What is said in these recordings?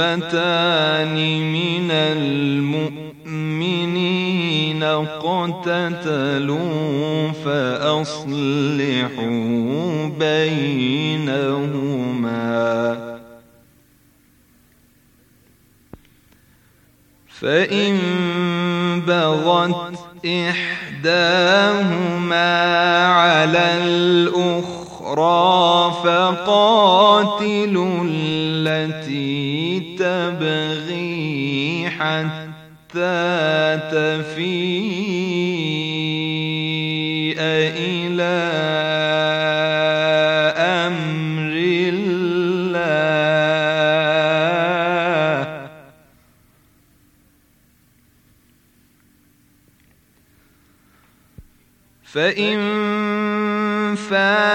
فتان من المؤمنين اقتتلوا فأصلحوا بينهما فإن بغت إحداهما على الأخرى فقاتلوا التي حتى تفيء إلى أمر الله فإن فات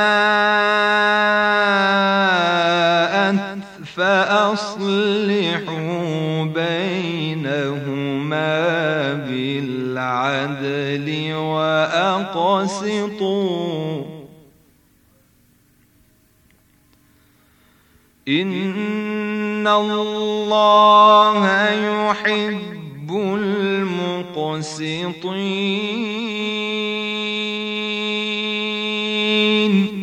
العدل وأقسطوا إن الله يحب المقسطين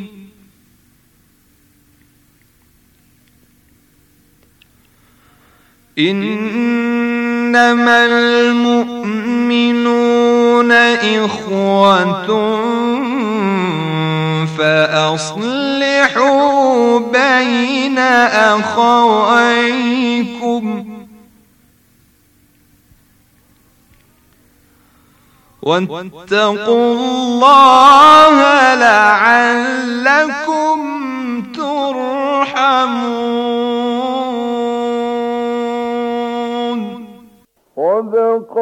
إنما المؤمنين إخوة فأصلحوا بين أخويكم واتقوا الله لعلكم ترحمون صدق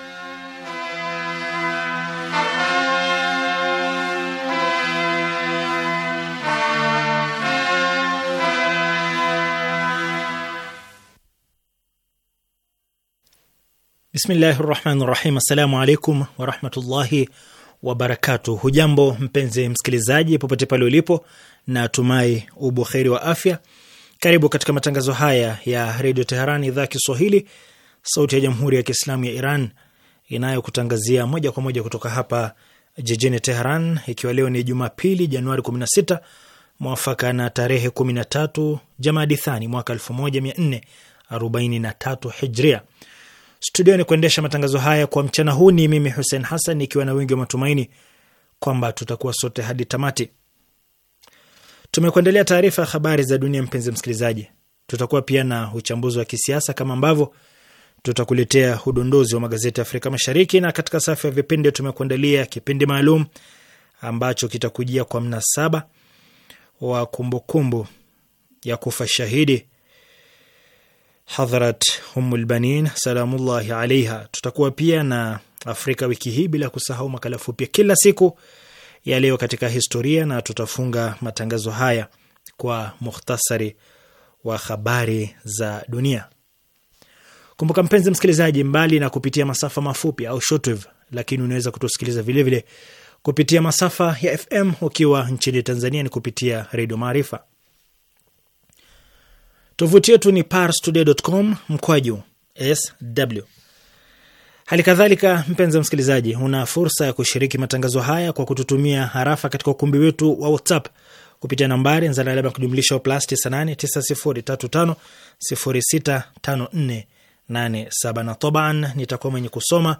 Bismillahi rahmani rahim. Assalamu alaikum warahmatullahi wabarakatu. Hujambo mpenzi msikilizaji, popote pale ulipo, na tumai ubuheri wa afya. Karibu katika matangazo haya ya redio Teheran, idhaa Kiswahili, sauti ya jamhuri ya kiislamu ya Iran inayokutangazia moja kwa moja kutoka hapa jijini Teheran, ikiwa leo ni Jumapili Januari 16 mwafaka na tarehe 13 Jamadi Thani mwaka 1443 Hijria studioni kuendesha matangazo haya kwa mchana huu ni mimi Hussein Hassan, ikiwa na wingi wa matumaini kwamba tutakuwa sote hadi tamati. Tumekuandalia taarifa ya habari za dunia, mpenzi msikilizaji. Tutakuwa pia na uchambuzi wa kisiasa kama ambavyo tutakuletea udondozi wa magazeti ya Afrika Mashariki, na katika safu ya vipindi tumekuandalia kipindi maalum ambacho kitakujia kwa mnasaba wa kumbukumbu ya kufa shahidi Hadhrat Ummul salamullahi alaiha. Tutakuwa pia na Afrika wiki hii, bila kusahau makala fupi kila siku ya leo katika historia, na tutafunga matangazo haya kwa mukhtasari wa habari za dunia. Kumbuka mpenzi msikilizaji, mbali na kupitia masafa mafupi au shortwave, lakini unaweza kutusikiliza vilevile kupitia masafa ya FM. Ukiwa nchini Tanzania ni kupitia Redio Maarifa. Tovuti yetu ni parstoday.com mkwaju sw. Hali kadhalika, mpenzi msikilizaji, una fursa ya kushiriki matangazo haya kwa kututumia harafa katika ukumbi wetu wa WhatsApp kupitia nambari nzala alama kujumlisha plus 989035065487 na taban, nitakuwa mwenye kusoma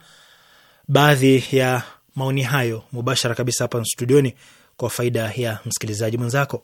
baadhi ya maoni hayo mubashara kabisa hapa studioni kwa faida ya msikilizaji mwenzako.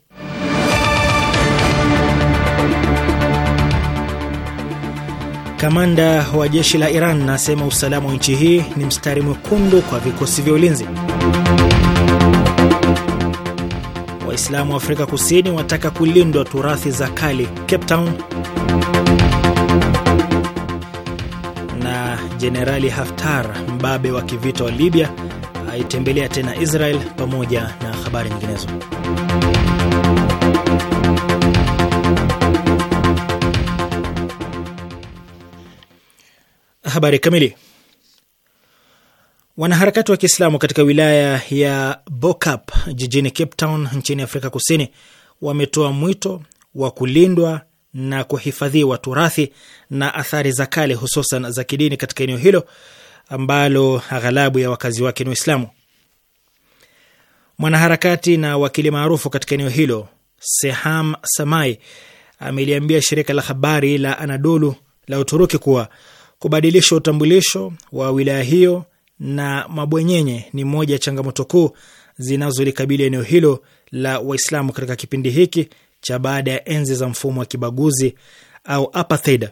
Kamanda wa jeshi la Iran nasema usalama wa nchi hii ni mstari mwekundu kwa vikosi vya ulinzi. Waislamu wa Afrika Kusini wataka kulindwa turathi za kale Cape Town. Na Jenerali Haftar, mbabe wa kivita wa Libya, aitembelea tena Israel, pamoja na habari nyinginezo. Habari kamili. Wanaharakati wa Kiislamu katika wilaya ya Bokap jijini Cape Town nchini Afrika Kusini wametoa mwito wa kulindwa na kuhifadhiwa turathi na athari za kale, hususan za kidini katika eneo hilo ambalo aghalabu ya wakazi wake ni Waislamu. Mwanaharakati na wakili maarufu katika eneo hilo Seham Samai ameliambia shirika la habari la Anadolu la Uturuki kuwa Kubadilisha utambulisho wa wilaya hiyo na mabwenyenye ni moja ya changamoto kuu zinazolikabili eneo hilo la Waislamu katika kipindi hiki cha baada ya enzi za mfumo wa kibaguzi au apartheid.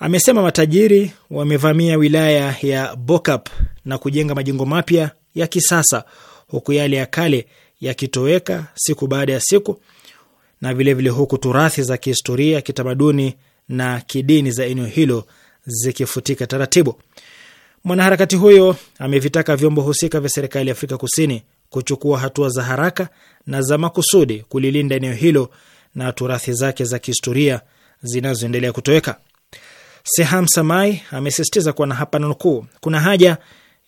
Amesema matajiri wamevamia wilaya ya Bokap na kujenga majengo mapya ya kisasa huku yale ya kale yakitoweka siku baada ya siku, na vilevile huku turathi za kihistoria, kitamaduni na kidini za eneo hilo zikifutika taratibu. Mwanaharakati huyo amevitaka vyombo husika vya serikali ya Afrika Kusini kuchukua hatua za haraka na za makusudi kulilinda eneo hilo na turathi zake za kihistoria zinazoendelea kutoweka. Seham Samai amesisitiza kuwa na hapa nukuu, kuna haja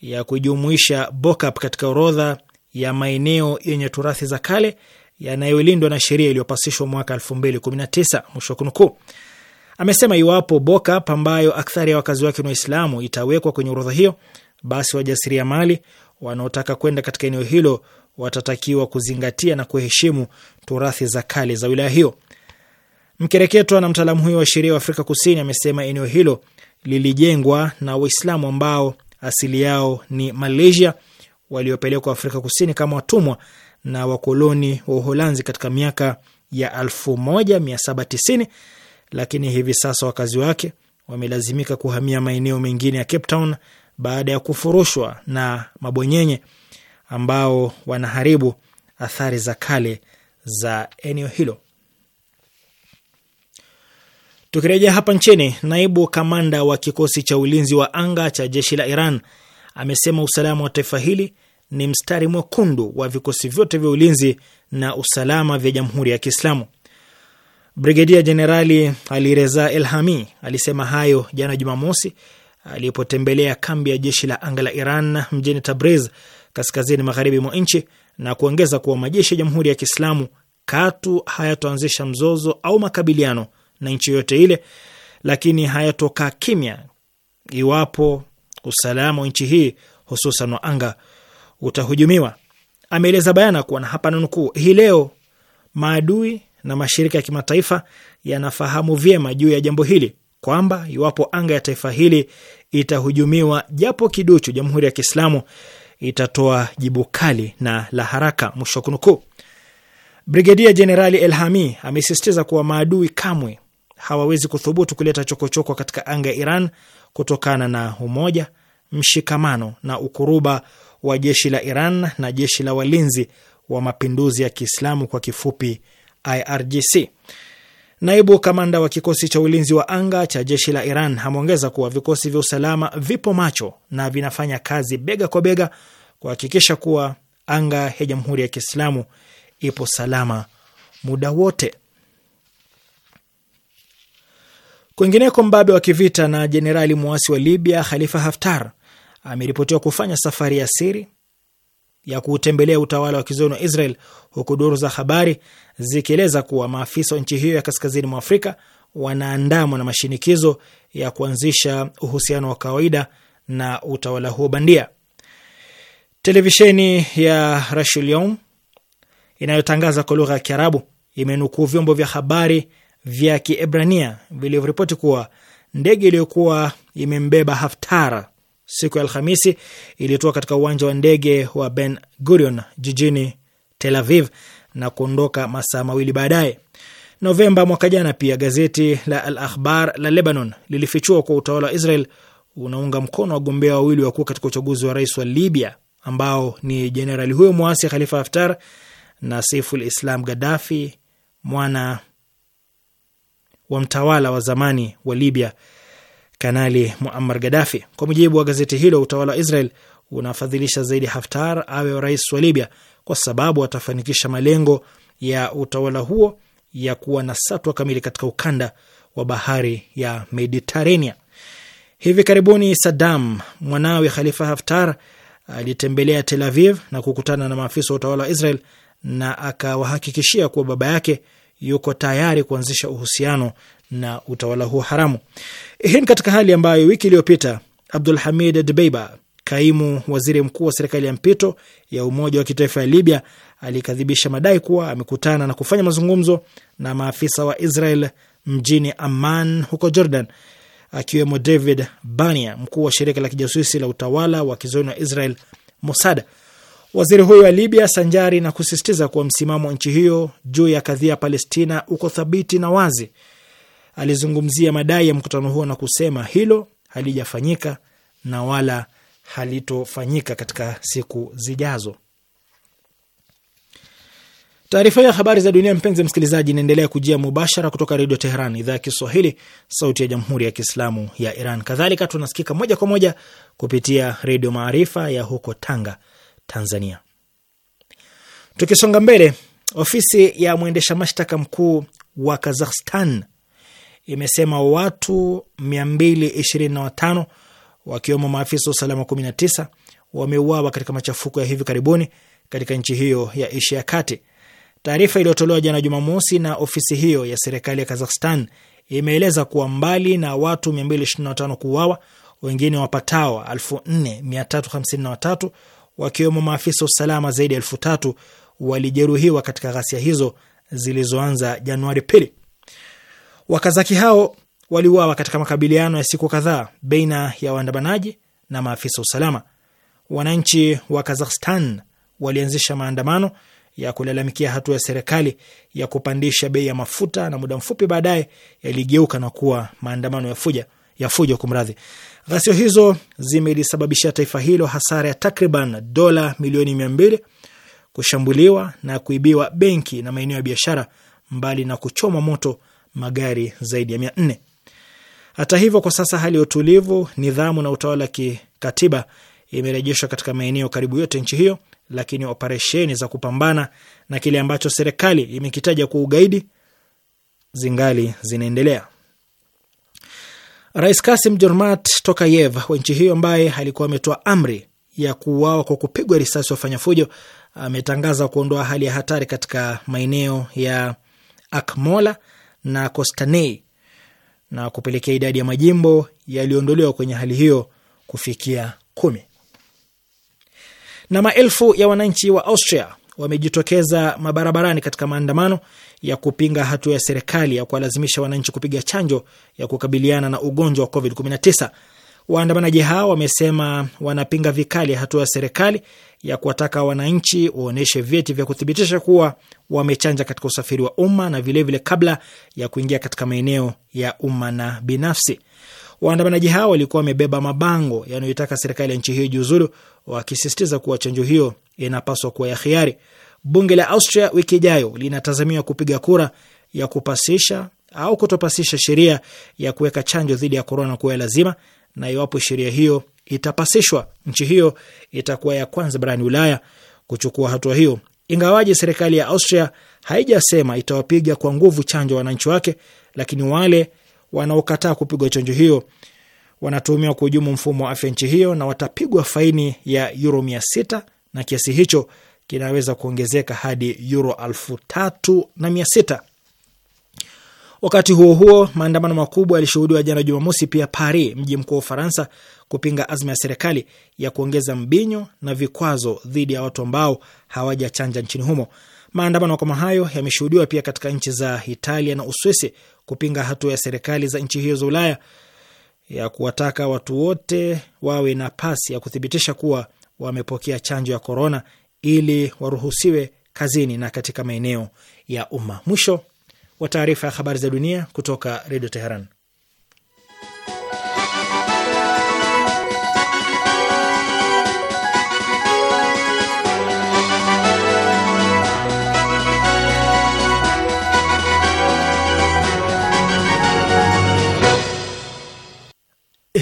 ya kujumuisha Bokap katika orodha ya maeneo yenye turathi za kale yanayolindwa na sheria iliyopasishwa mwaka 219 mwisho kunukuu. Amesema iwapo BOCAP ambayo akthari ya wakazi wake ni Waislamu itawekwa kwenye orodha hiyo, basi wajasiriamali wanaotaka kwenda katika eneo hilo watatakiwa kuzingatia na kuheshimu turathi za kale za wilaya hiyo. Mkereketwa na mtaalamu huyo wa sheria wa Afrika Kusini amesema eneo hilo lilijengwa na Waislamu ambao asili yao ni Malaysia, waliopelekwa Afrika Kusini kama watumwa na wakoloni wa Uholanzi katika miaka ya 1790 lakini hivi sasa wakazi wake wamelazimika kuhamia maeneo mengine ya Cape Town baada ya kufurushwa na mabwenyenye ambao wanaharibu athari za kale za eneo hilo. Tukirejea hapa nchini, naibu kamanda wa kikosi cha ulinzi wa anga cha jeshi la Iran amesema usalama wa taifa hili ni mstari mwekundu wa vikosi vyote vya ulinzi na usalama vya Jamhuri ya Kiislamu. Brigedia Jenerali Alireza Elhami alisema hayo jana Jumamosi alipotembelea kambi ya jeshi la anga la Iran mjini Tabriz, kaskazini magharibi mwa nchi, na kuongeza kuwa majeshi ya Jamhuri ya Kiislamu katu hayatoanzisha mzozo au makabiliano na nchi yoyote ile, lakini hayatokaa kimya iwapo usalama wa nchi hii hususan wa anga utahujumiwa. Ameeleza bayana kuwa na hapa nanukuu, hii leo maadui na mashirika ya kimataifa yanafahamu vyema juu ya jambo hili kwamba iwapo anga ya taifa hili itahujumiwa japo kiduchu, Jamhuri ya Kiislamu itatoa jibu kali na la haraka. Mwisho wa kunukuu. Brigedia Jenerali Elhami amesisitiza kuwa maadui kamwe hawawezi kuthubutu kuleta chokochoko katika anga ya Iran kutokana na umoja, mshikamano na ukuruba wa jeshi la Iran na jeshi la walinzi wa mapinduzi ya Kiislamu, kwa kifupi IRGC. Naibu kamanda wa kikosi cha ulinzi wa anga cha jeshi la Iran ameongeza kuwa vikosi vya usalama vipo macho na vinafanya kazi bega kwa bega kuhakikisha kuwa anga ya Jamhuri ya Kiislamu ipo salama muda wote. Kwingineko, mbabe wa kivita na jenerali mwasi wa Libya Khalifa Haftar ameripotiwa kufanya safari ya siri ya kuutembelea utawala wa kizoni wa Israel, huku duru za habari zikieleza kuwa maafisa wa nchi hiyo ya kaskazini mwa Afrika wanaandamwa na mashinikizo ya kuanzisha uhusiano wa kawaida na utawala huo bandia. Televisheni ya Rashilion inayotangaza kwa lugha ya Kiarabu imenukuu vyombo vya habari vya Kiebrania vilivyoripoti kuwa ndege iliyokuwa imembeba Haftara siku ya Alhamisi ilitua katika uwanja wa ndege wa Ben Gurion jijini Tel Aviv na kuondoka masaa mawili baadaye. Novemba mwaka jana pia gazeti la Al Akhbar la Lebanon lilifichua kwa utawala wa Israel unaunga mkono wagombea wawili wakuu katika uchaguzi wa rais wa Libya ambao ni jenerali huyo mwasi Khalifa Haftar na Saiful Islam Gaddafi mwana wa mtawala wa zamani wa Libya Kanali Muammar Gaddafi. Kwa mujibu wa gazeti hilo, utawala wa Israel unafadhilisha zaidi Haftar awe rais wa Libya kwa sababu atafanikisha malengo ya utawala huo ya kuwa na satwa kamili katika ukanda wa bahari ya Mediterania. Hivi karibuni Saddam, mwanawe Khalifa Haftar, alitembelea Tel Aviv na kukutana na maafisa wa utawala wa Israel na akawahakikishia kuwa baba yake yuko tayari kuanzisha uhusiano na utawala huo haramu. Hii ni katika hali ambayo wiki iliyopita Abdul Hamid Dbeiba, kaimu waziri mkuu wa serikali ya mpito ya Umoja wa Kitaifa ya Libya, alikadhibisha madai kuwa amekutana na kufanya mazungumzo na maafisa wa Israel mjini Amman huko Jordan, akiwemo David Bania, mkuu wa shirika la kijasusi la utawala wa kizoni wa Israel, Mossad. Waziri huyo wa Libya, sanjari na kusisitiza kuwa msimamo wa nchi hiyo juu ya kadhia ya Palestina uko thabiti na wazi, alizungumzia madai ya mkutano huo na kusema hilo halijafanyika na wala halitofanyika katika siku zijazo. Taarifa ya habari za dunia, mpenzi msikilizaji, inaendelea kujia mubashara kutoka Redio Teheran, idhaa ya Kiswahili, sauti ya jamhuri ya kiislamu ya Iran. Kadhalika tunasikika moja kwa moja kupitia Redio Maarifa ya huko Tanga, Tanzania. Tukisonga mbele, ofisi ya mwendesha mashtaka mkuu wa Kazakhstan imesema watu 225 wakiwemo maafisa wa usalama 19 wameuawa katika machafuko ya hivi karibuni katika nchi hiyo ya Asia ya Kati. Taarifa iliyotolewa jana Jumamosi na ofisi hiyo ya serikali ya Kazakhstan imeeleza kuwa mbali na watu 225 kuuawa, wengine wapatao 4353 wakiwemo maafisa wa usalama zaidi ya elfu walijeruhiwa katika ghasia hizo zilizoanza Januari pili. Wakazaki hao waliuawa katika makabiliano ya siku kadhaa baina ya waandamanaji na maafisa usalama. Wananchi wa Kazakhstan walianzisha maandamano ya kulalamikia hatua ya serikali ya kupandisha bei ya mafuta na muda mfupi baadaye yaligeuka na kuwa maandamano ya fuja ya fujo kumradhi. ghasio hizo zimelisababishia taifa hilo hasara ya takriban dola milioni mia mbili, kushambuliwa na kuibiwa benki na maeneo ya biashara, mbali na kuchoma moto magari zaidi ya mia nne. Hata hivyo, kwa sasa hali ya utulivu, nidhamu na utawala kikatiba imerejeshwa katika maeneo karibu yote nchi hiyo, lakini operesheni za kupambana na kile ambacho serikali imekitaja kuwa ugaidi zingali zinaendelea. Rais Kasim Jormat Tokayev wa nchi hiyo ambaye alikuwa ametoa amri ya kuuawa kwa kupigwa risasi wafanya fujo ametangaza kuondoa hali ya hatari katika maeneo ya Akmola na Kostanei na kupelekea idadi ya majimbo yaliyoondolewa kwenye hali hiyo kufikia kumi. Na maelfu ya wananchi wa Austria wamejitokeza mabarabarani katika maandamano ya kupinga hatua ya serikali ya kuwalazimisha wananchi kupiga chanjo ya kukabiliana na ugonjwa wa COVID-19. Waandamanaji hao wamesema wanapinga vikali hatua ya serikali ya kuwataka wananchi waonyeshe vyeti vya kuthibitisha kuwa wamechanja katika usafiri wa umma na vilevile vile kabla ya kuingia katika maeneo ya umma na binafsi. Waandamanaji hao walikuwa wamebeba mabango yanayoitaka serikali ya nchi hiyo jiuzulu, wakisisitiza kuwa chanjo hiyo inapaswa kuwa ya hiari. Bunge la Austria wiki ijayo linatazamiwa kupiga kura ya kupasisha au kutopasisha sheria ya kuweka chanjo dhidi ya korona kuwa lazima na iwapo sheria hiyo itapasishwa, nchi hiyo itakuwa ya kwanza barani Ulaya kuchukua hatua hiyo, ingawaje serikali ya Austria haijasema itawapiga kwa nguvu chanjo wananchi wake, lakini wale wanaokataa kupigwa chanjo hiyo wanatuhumiwa kuhujumu mfumo wa afya nchi hiyo na watapigwa faini ya yuro mia sita na kiasi hicho kinaweza kuongezeka hadi yuro alfu tatu na mia sita. Wakati huo huo, maandamano makubwa yalishuhudiwa jana Jumamosi pia Paris, mji mkuu wa Ufaransa, kupinga azma ya serikali ya kuongeza mbinyo na vikwazo dhidi ya watu ambao hawajachanja nchini humo. Maandamano kama hayo yameshuhudiwa pia katika nchi za Italia na Uswisi kupinga hatua ya serikali za nchi hiyo za Ulaya ya kuwataka watu wote wawe na pasi ya kuthibitisha kuwa wamepokea chanjo ya korona ili waruhusiwe kazini na katika maeneo ya umma. Mwisho wa taarifa ya habari za dunia kutoka Redio Teheran.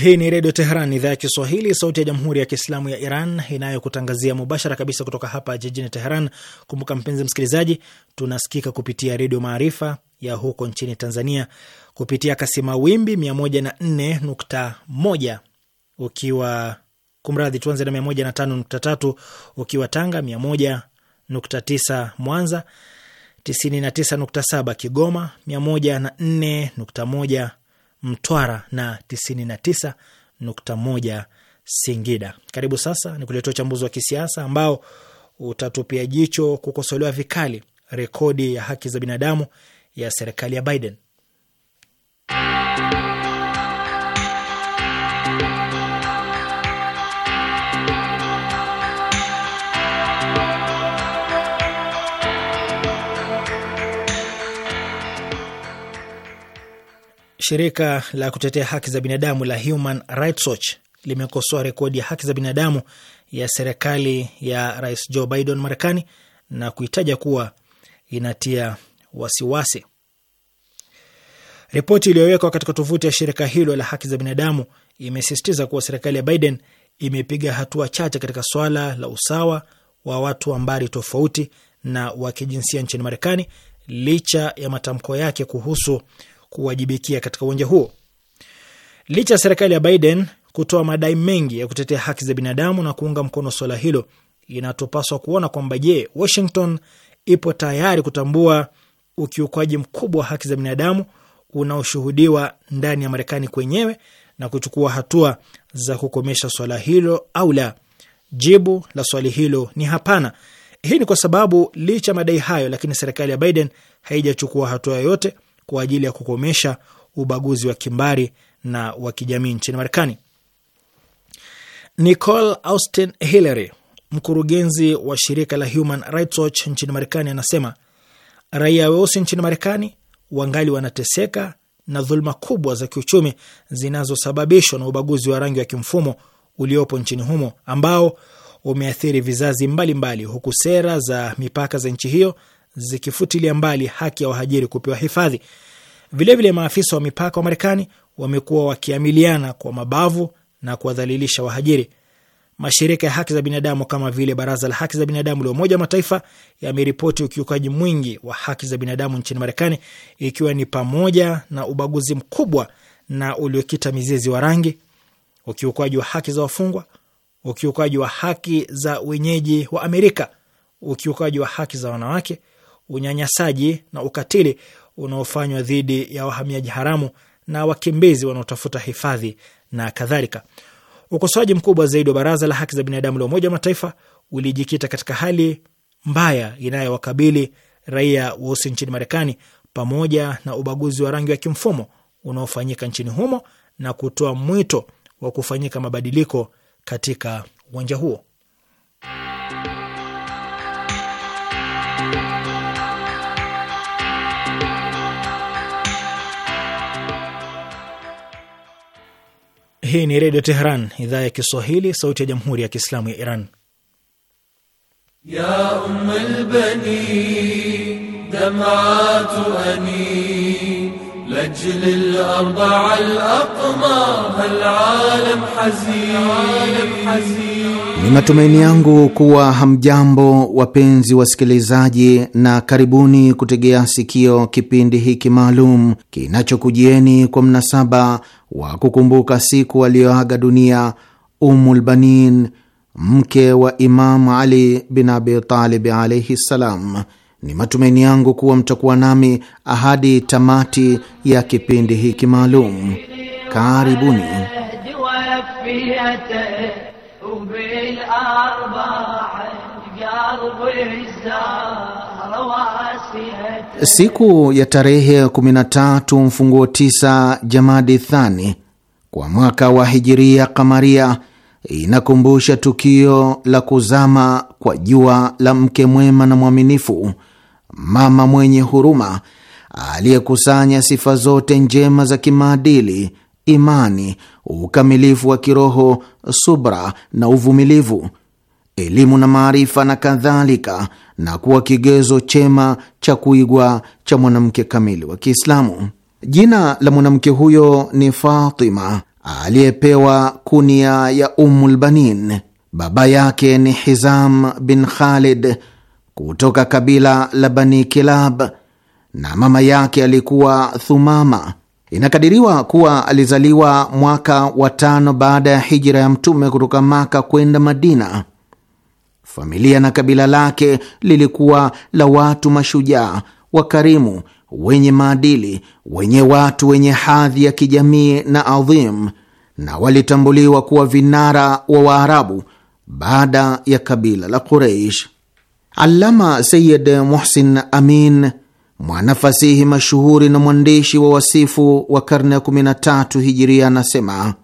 Hii ni Redio Teheran, idhaa ya Kiswahili, sauti ya Jamhuri ya Kiislamu ya Iran inayokutangazia mubashara kabisa kutoka hapa jijini Teheran. Kumbuka mpenzi msikilizaji, tunasikika kupitia Redio Maarifa ya huko nchini Tanzania kupitia kasima wimbi 104.1 ukiwa kumradhi, tuanze na 105.3 ukiwa Tanga, 101.9 Mwanza, 99.7 Kigoma, 104.1 Mtwara na 99.1 Singida. Karibu sasa ni kuletea uchambuzi wa kisiasa ambao utatupia jicho kukosolewa vikali rekodi ya haki za binadamu ya serikali ya Biden. Shirika la kutetea haki za binadamu la Human Rights Watch limekosoa rekodi ya haki za binadamu ya serikali ya Rais Joe Biden Marekani na kuitaja kuwa inatia wasiwasi. Ripoti iliyowekwa katika tovuti ya shirika hilo la haki za binadamu imesisitiza kuwa serikali ya Biden imepiga hatua chache katika swala la usawa wa watu wa mbari tofauti na wa kijinsia nchini Marekani licha ya matamko yake kuhusu kuwajibikia katika uwanja huo. Licha ya serikali ya Biden kutoa madai mengi ya kutetea haki za binadamu na kuunga mkono swala hilo, inatupaswa kuona kwamba je, Washington ipo tayari kutambua ukiukwaji mkubwa wa haki za binadamu unaoshuhudiwa ndani ya Marekani kwenyewe na kuchukua hatua za kukomesha swala hilo au la? Jibu la swali hilo ni hapana. Hii ni kwa sababu licha madai hayo, lakini serikali ya Biden haijachukua hatua yoyote kwa ajili ya kukomesha ubaguzi wa kimbari na wa kijamii nchini Marekani. Nicole Austin Hillary, mkurugenzi wa shirika la Human Rights Watch nchini Marekani, anasema Raia weusi nchini Marekani wangali wanateseka na dhuluma kubwa za kiuchumi zinazosababishwa na ubaguzi wa rangi wa kimfumo uliopo nchini humo ambao umeathiri vizazi mbalimbali mbali, huku sera za mipaka za nchi hiyo zikifutilia mbali haki ya wahajiri kupewa hifadhi. Vilevile, maafisa wa mipaka wa Marekani wamekuwa wakiamiliana kwa mabavu na kuwadhalilisha wahajiri. Mashirika ya haki za binadamu kama vile Baraza la Haki za Binadamu la Umoja wa Mataifa yameripoti ukiukaji mwingi wa haki za binadamu nchini Marekani, ikiwa ni pamoja na ubaguzi mkubwa na uliokita mizizi wa rangi, ukiukaji wa haki za wafungwa, ukiukaji wa haki za wenyeji wa Amerika, ukiukaji wa haki za wanawake, unyanyasaji na ukatili unaofanywa dhidi ya wahamiaji haramu na wakimbizi wanaotafuta hifadhi na kadhalika. Ukosoaji mkubwa zaidi wa baraza la haki za binadamu la Umoja wa Mataifa ulijikita katika hali mbaya inayowakabili raia weusi nchini Marekani pamoja na ubaguzi wa rangi wa kimfumo unaofanyika nchini humo na kutoa mwito wa kufanyika mabadiliko katika uwanja huo. Hii ni Redio Tehran, idhaa ya Kiswahili, sauti ya Jamhuri ya Kiislamu ya Iran. Ya Ni matumaini yangu kuwa hamjambo wapenzi wasikilizaji, na karibuni kutegea sikio kipindi hiki maalum kinachokujieni kwa mnasaba wa kukumbuka siku aliyoaga dunia Umulbanin, mke wa Imamu Ali bin Abi Talib alaihi ssalam. Ni matumaini yangu kuwa mtakuwa nami ahadi tamati ya kipindi hiki maalum. Karibuni. Siku ya tarehe 13 mfunguo 9 Jamadi Thani kwa mwaka wa Hijiria Kamaria inakumbusha tukio la kuzama kwa jua la mke mwema na mwaminifu, mama mwenye huruma, aliyekusanya sifa zote njema za kimaadili imani, ukamilifu wa kiroho, subra na uvumilivu, elimu na maarifa na kadhalika, na kuwa kigezo chema cha kuigwa cha mwanamke kamili wa Kiislamu. Jina la mwanamke huyo ni Fatima aliyepewa kunia ya ummulbanin Baba yake ni Hizam bin Khalid kutoka kabila la Bani Kilab na mama yake alikuwa Thumama Inakadiriwa kuwa alizaliwa mwaka wa tano baada ya hijra ya Mtume kutoka Maka kwenda Madina. Familia na kabila lake lilikuwa la watu mashujaa, wakarimu, wenye maadili, wenye watu wenye hadhi ya kijamii na adhim, na walitambuliwa kuwa vinara wa Waarabu baada ya kabila la Quraish. alama Sayid Muhsin Amin Mwanafasihi mashuhuri na mwandishi wa wasifu wa karne ya 13 hijiria anasema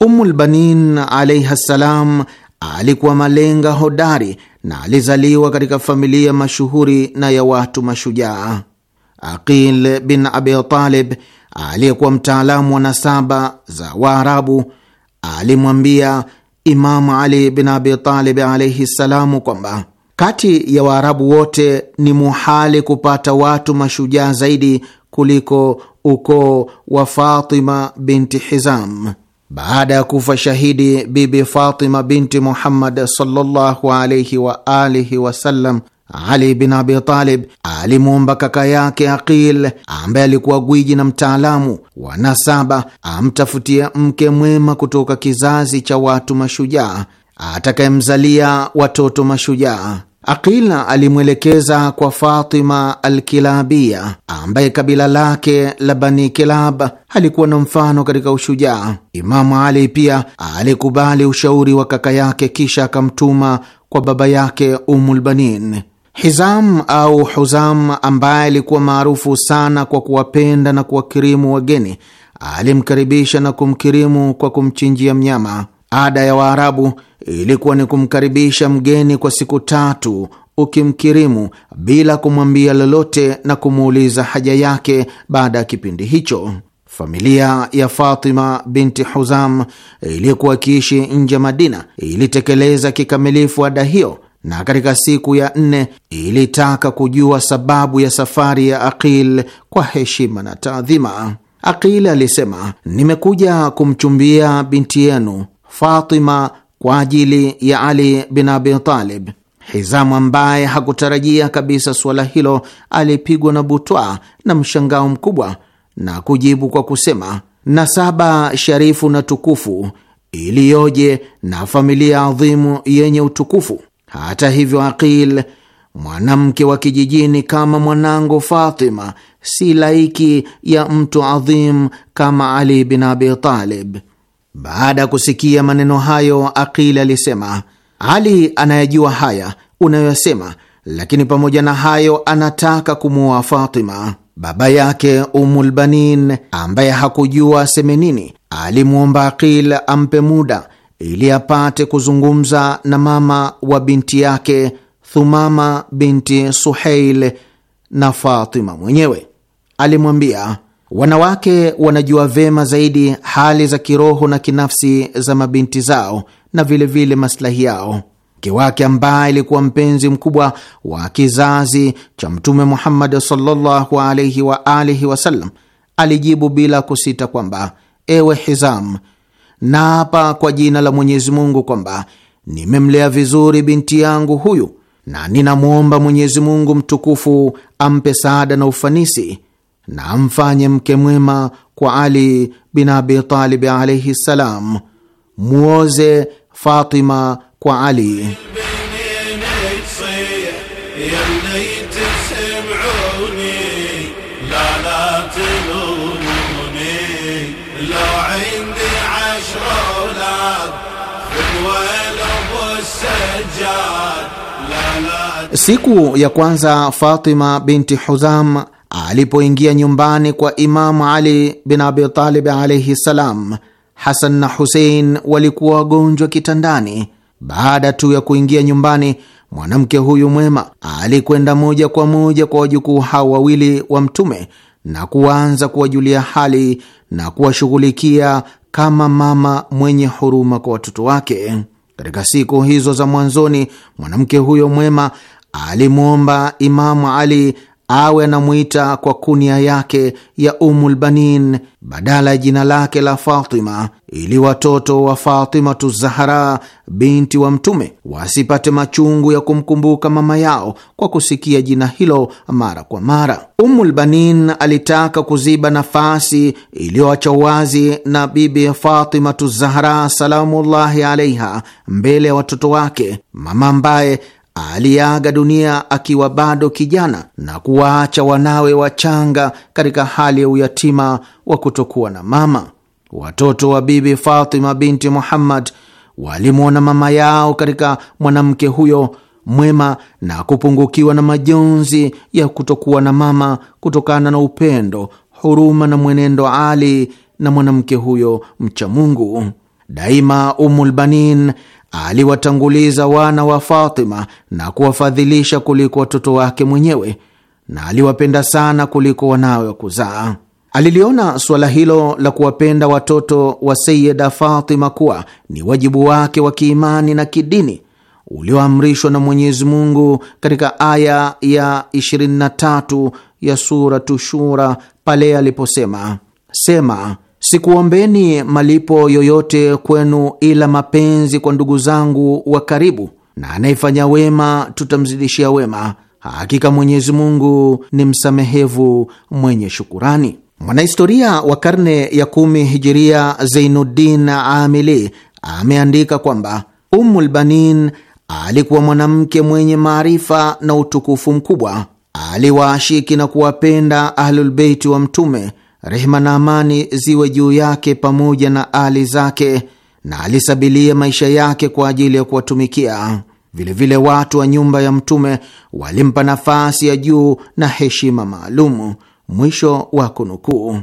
Ummulbanin alaihi ssalam alikuwa malenga hodari na alizaliwa katika familia mashuhuri na ya watu mashujaa. Aqil bin Abi Talib aliyekuwa mtaalamu wa nasaba za Waarabu alimwambia Imamu Ali bin Abi Talib alaihi ssalamu kwamba kati ya Waarabu wote ni muhali kupata watu mashujaa zaidi kuliko ukoo wa Fatima binti Hizam. Baada ya kufa shahidi Bibi Fatima binti Muhammad sallallahu alaihi wa alihi wasallam, Ali bin Abi Talib alimwomba kaka yake Aqil ambaye alikuwa gwiji na mtaalamu wa nasaba amtafutie mke mwema kutoka kizazi cha watu mashujaa atakayemzalia watoto mashujaa. Aqila alimwelekeza kwa Fatima Alkilabia ambaye kabila lake la Bani Kilab alikuwa na mfano katika ushujaa. Imamu Ali pia alikubali ushauri wa kaka yake, kisha akamtuma kwa baba yake Umulbanin. Hizam au Huzam ambaye alikuwa maarufu sana kwa kuwapenda na kuwakirimu wageni, alimkaribisha na kumkirimu kwa kumchinjia mnyama. Ada ya Waarabu ilikuwa ni kumkaribisha mgeni kwa siku tatu, ukimkirimu bila kumwambia lolote na kumuuliza haja yake. Baada ya kipindi hicho, familia ya Fatima binti Huzam iliyokuwa ikiishi nje Madina ilitekeleza kikamilifu ada hiyo na katika siku ya nne ilitaka kujua sababu ya safari ya Aqil kwa heshima na taadhima. Aqil alisema, nimekuja kumchumbia binti yenu Fatima kwa ajili ya Ali bin Abi Talib. Hizamu ambaye hakutarajia kabisa suala hilo alipigwa na butwa na mshangao mkubwa na kujibu kwa kusema, nasaba sharifu na tukufu iliyoje na familia adhimu yenye utukufu. Hata hivyo, Aqil mwanamke wa kijijini kama mwanangu Fatima si laiki ya mtu adhim kama Ali bin Abi Talib. Baada ya kusikia maneno hayo, aqil alisema, Ali anayajua haya unayoyasema, lakini pamoja na hayo anataka kumuoa Fatima. Baba yake Umulbanin, ambaye hakujua aseme nini, alimwomba Aqil ampe muda ili apate kuzungumza na mama wa binti yake Thumama binti Suheil na Fatima mwenyewe. Alimwambia, Wanawake wanajua vema zaidi hali za kiroho na kinafsi za mabinti zao na vilevile vile maslahi yao. Mke wake ambaye alikuwa mpenzi mkubwa wa kizazi cha Mtume Muhammad sallallahu alaihi wa alihi wasallam alijibu bila kusita kwamba ewe Hizam, naapa kwa jina la Mwenyezi Mungu kwamba nimemlea vizuri binti yangu huyu na ninamwomba Mwenyezi Mungu mtukufu ampe saada na ufanisi na amfanye mke mwema kwa Ali bin Abi Talib alaihi ssalam, muoze Fatima kwa Ali. Siku ya kwanza Fatima binti Huzam Alipoingia nyumbani kwa Imamu Ali bin Abi Talib alaihi salam, Hasan na Husein walikuwa wagonjwa kitandani. Baada tu ya kuingia nyumbani, mwanamke huyu mwema alikwenda moja kwa moja kwa wajukuu hao wawili wa Mtume na kuanza kuwajulia hali na kuwashughulikia kama mama mwenye huruma kwa watoto wake. Katika siku hizo za mwanzoni, mwanamke huyo mwema alimwomba Imamu Ali awe anamwita kwa kunia yake ya Umulbanin badala ya jina lake la Fatima, ili watoto wa Fatimatu Zahara binti wa Mtume wasipate machungu ya kumkumbuka mama yao kwa kusikia jina hilo mara kwa mara. Umulbanin alitaka kuziba nafasi iliyoacha wazi na Bibi Fatimatu Zahara salamullahi alaiha mbele ya watoto wake, mama ambaye aliaga dunia akiwa bado kijana na kuwaacha wanawe wachanga katika hali ya uyatima wa kutokuwa na mama. Watoto wa Bibi Fatima binti Muhammad walimwona mama yao katika mwanamke huyo mwema na kupungukiwa na majonzi ya kutokuwa na mama kutokana na upendo, huruma na mwenendo ali na mwanamke huyo mcha Mungu. Daima Umulbanin aliwatanguliza wana wa Fatima na kuwafadhilisha kuliko watoto wake mwenyewe na aliwapenda sana kuliko wanawe wa kuzaa. Aliliona suala hilo la kuwapenda watoto wa Sayida Fatima kuwa ni wajibu wake wa kiimani na kidini ulioamrishwa na Mwenyezi Mungu katika aya ya 23 ya Suratu Shura pale aliposema: Sema, Sikuombeni malipo yoyote kwenu ila mapenzi kwa ndugu zangu wa karibu, na anayefanya wema tutamzidishia wema. Hakika Mwenyezi Mungu ni msamehevu mwenye shukurani. Mwanahistoria wa karne ya kumi hijiria zeinuddin Amili ameandika kwamba ummulbanin alikuwa mwanamke mwenye maarifa na utukufu mkubwa. Aliwaashiki na kuwapenda Ahlulbeiti wa Mtume rehema na amani ziwe juu yake pamoja na ali zake, na alisabilia maisha yake kwa ajili ya kuwatumikia. Vilevile watu wa nyumba ya Mtume walimpa nafasi ya juu na heshima maalumu. Mwisho wa kunukuu.